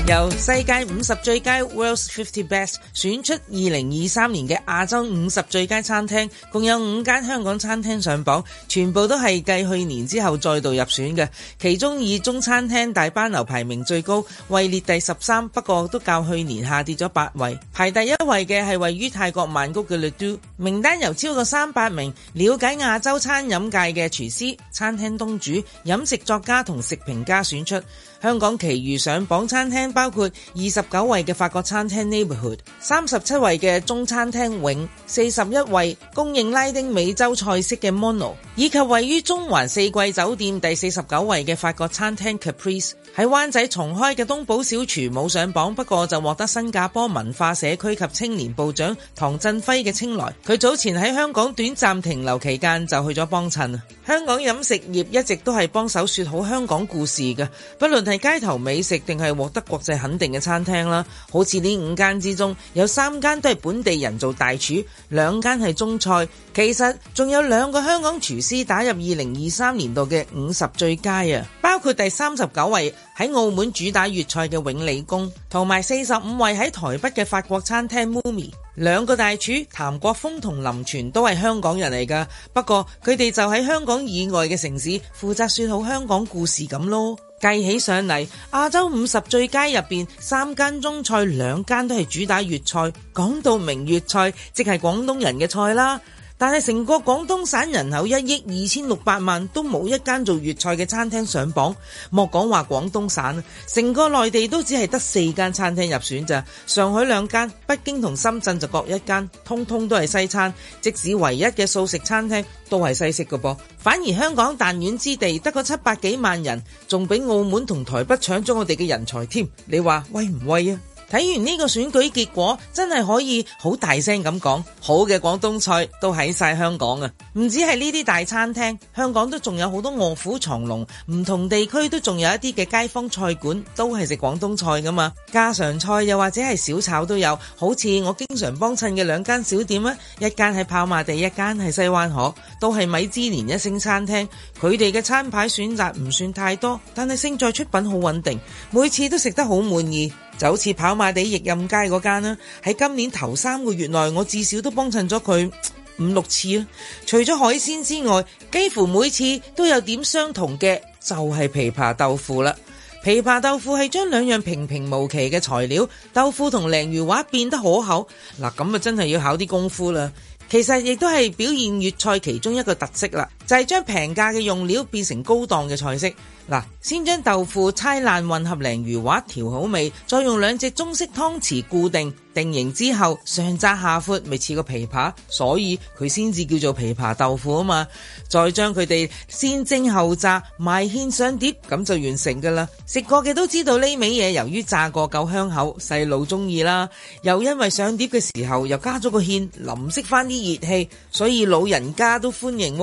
由世界五十最佳 （World's 50 Best） 選出二零二三年嘅亞洲五十最佳餐廳，共有五間香港餐廳上榜，全部都係繼去年之後再度入選嘅。其中以中餐廳大班樓排名最高，位列第十三，不過都較去年下跌咗八位。排第一位嘅係位於泰國曼谷嘅律都。名單由超過三百名了解亞洲餐飲界嘅廚師、餐廳東主、飲食作家同食評家選出。香港其餘上榜餐廳包括二十九位嘅法國餐廳 Neighborhood、三十七位嘅中餐廳永、四十一位供應拉丁美洲菜式嘅 Mono，以及位於中環四季酒店第四十九位嘅法國餐廳 Caprice。喺灣仔重開嘅東寶小廚冇上榜，不過就獲得新加坡文化社區及青年部長唐振輝嘅青睞。佢早前喺香港短暫停留期間就去咗幫襯。香港飲食業一直都係幫手說好香港故事嘅，不論係街頭美食定係獲得國際肯定嘅餐廳啦。好似呢五間之中，有三間都係本地人做大廚，兩間係中菜。其實仲有兩個香港廚師打入二零二三年度嘅五十最佳啊，包括第三十九位。喺澳門主打粵菜嘅永利宮，同埋四十五位喺台北嘅法國餐廳 Mummy，兩個大廚譚國鋒同林泉都係香港人嚟噶，不過佢哋就喺香港以外嘅城市負責說好香港故事咁咯。計起上嚟，亞洲五十最佳入邊三間中菜，兩間都係主打粵菜。講到明粵菜，即係廣東人嘅菜啦。但係成個廣東省人口一億二千六百萬都冇一間做粵菜嘅餐廳上榜，莫講話廣東省，成個內地都只係得四間餐廳入選咋。上海兩間，北京同深圳就各一間，通通都係西餐。即使唯一嘅素食餐廳都係西式嘅噃，反而香港彈丸之地得個七百幾萬人，仲俾澳門同台北搶咗我哋嘅人才添，你話威唔威啊？睇完呢個選舉結果，真係可以好大聲咁講，好嘅廣東菜都喺晒香港啊！唔止係呢啲大餐廳，香港都仲有好多臥虎藏龍，唔同地區都仲有一啲嘅街坊菜館都係食廣東菜㗎嘛。家常菜又或者係小炒都有，好似我經常幫襯嘅兩間小店啊。一間係跑馬地，一間係西灣河，都係米芝蓮一星餐廳。佢哋嘅餐牌選擇唔算太多，但係勝在出品好穩定，每次都食得好滿意。就好似跑馬地逸任街嗰間啦，喺今年頭三個月內，我至少都幫襯咗佢五六次啦。除咗海鮮之外，幾乎每次都有點相同嘅，就係琵琶豆腐啦。琵琶豆腐係將兩樣平平無奇嘅材料，豆腐同鯪魚滑變得可口嗱。咁啊，真係要考啲功夫啦。其實亦都係表現粵菜其中一個特色啦。就係將平價嘅用料變成高檔嘅菜式嗱，先將豆腐拆爛混合鯪魚滑調好味，再用兩隻中式湯匙固定定型之後，上窄下闊，咪似個琵琶，所以佢先至叫做琵琶豆腐啊嘛。再將佢哋先蒸後炸，埋芡上碟，咁就完成噶啦。食過嘅都知道呢味嘢，由於炸過夠香口，細路中意啦，又因為上碟嘅時候又加咗個芡，淋熄翻啲熱氣，所以老人家都歡迎。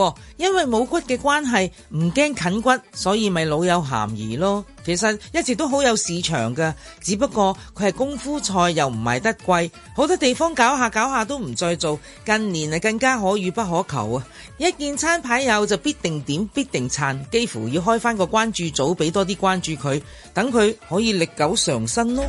因為冇骨嘅關係，唔驚啃骨，所以咪老有咸宜咯。其實一直都好有市場噶，只不過佢係功夫菜又唔賣得貴，好多地方搞下搞下都唔再做。近年啊更加可遇不可求啊！一見餐牌有就必定點，必定撐，幾乎要開翻個關注組，俾多啲關注佢，等佢可以歷久常新咯。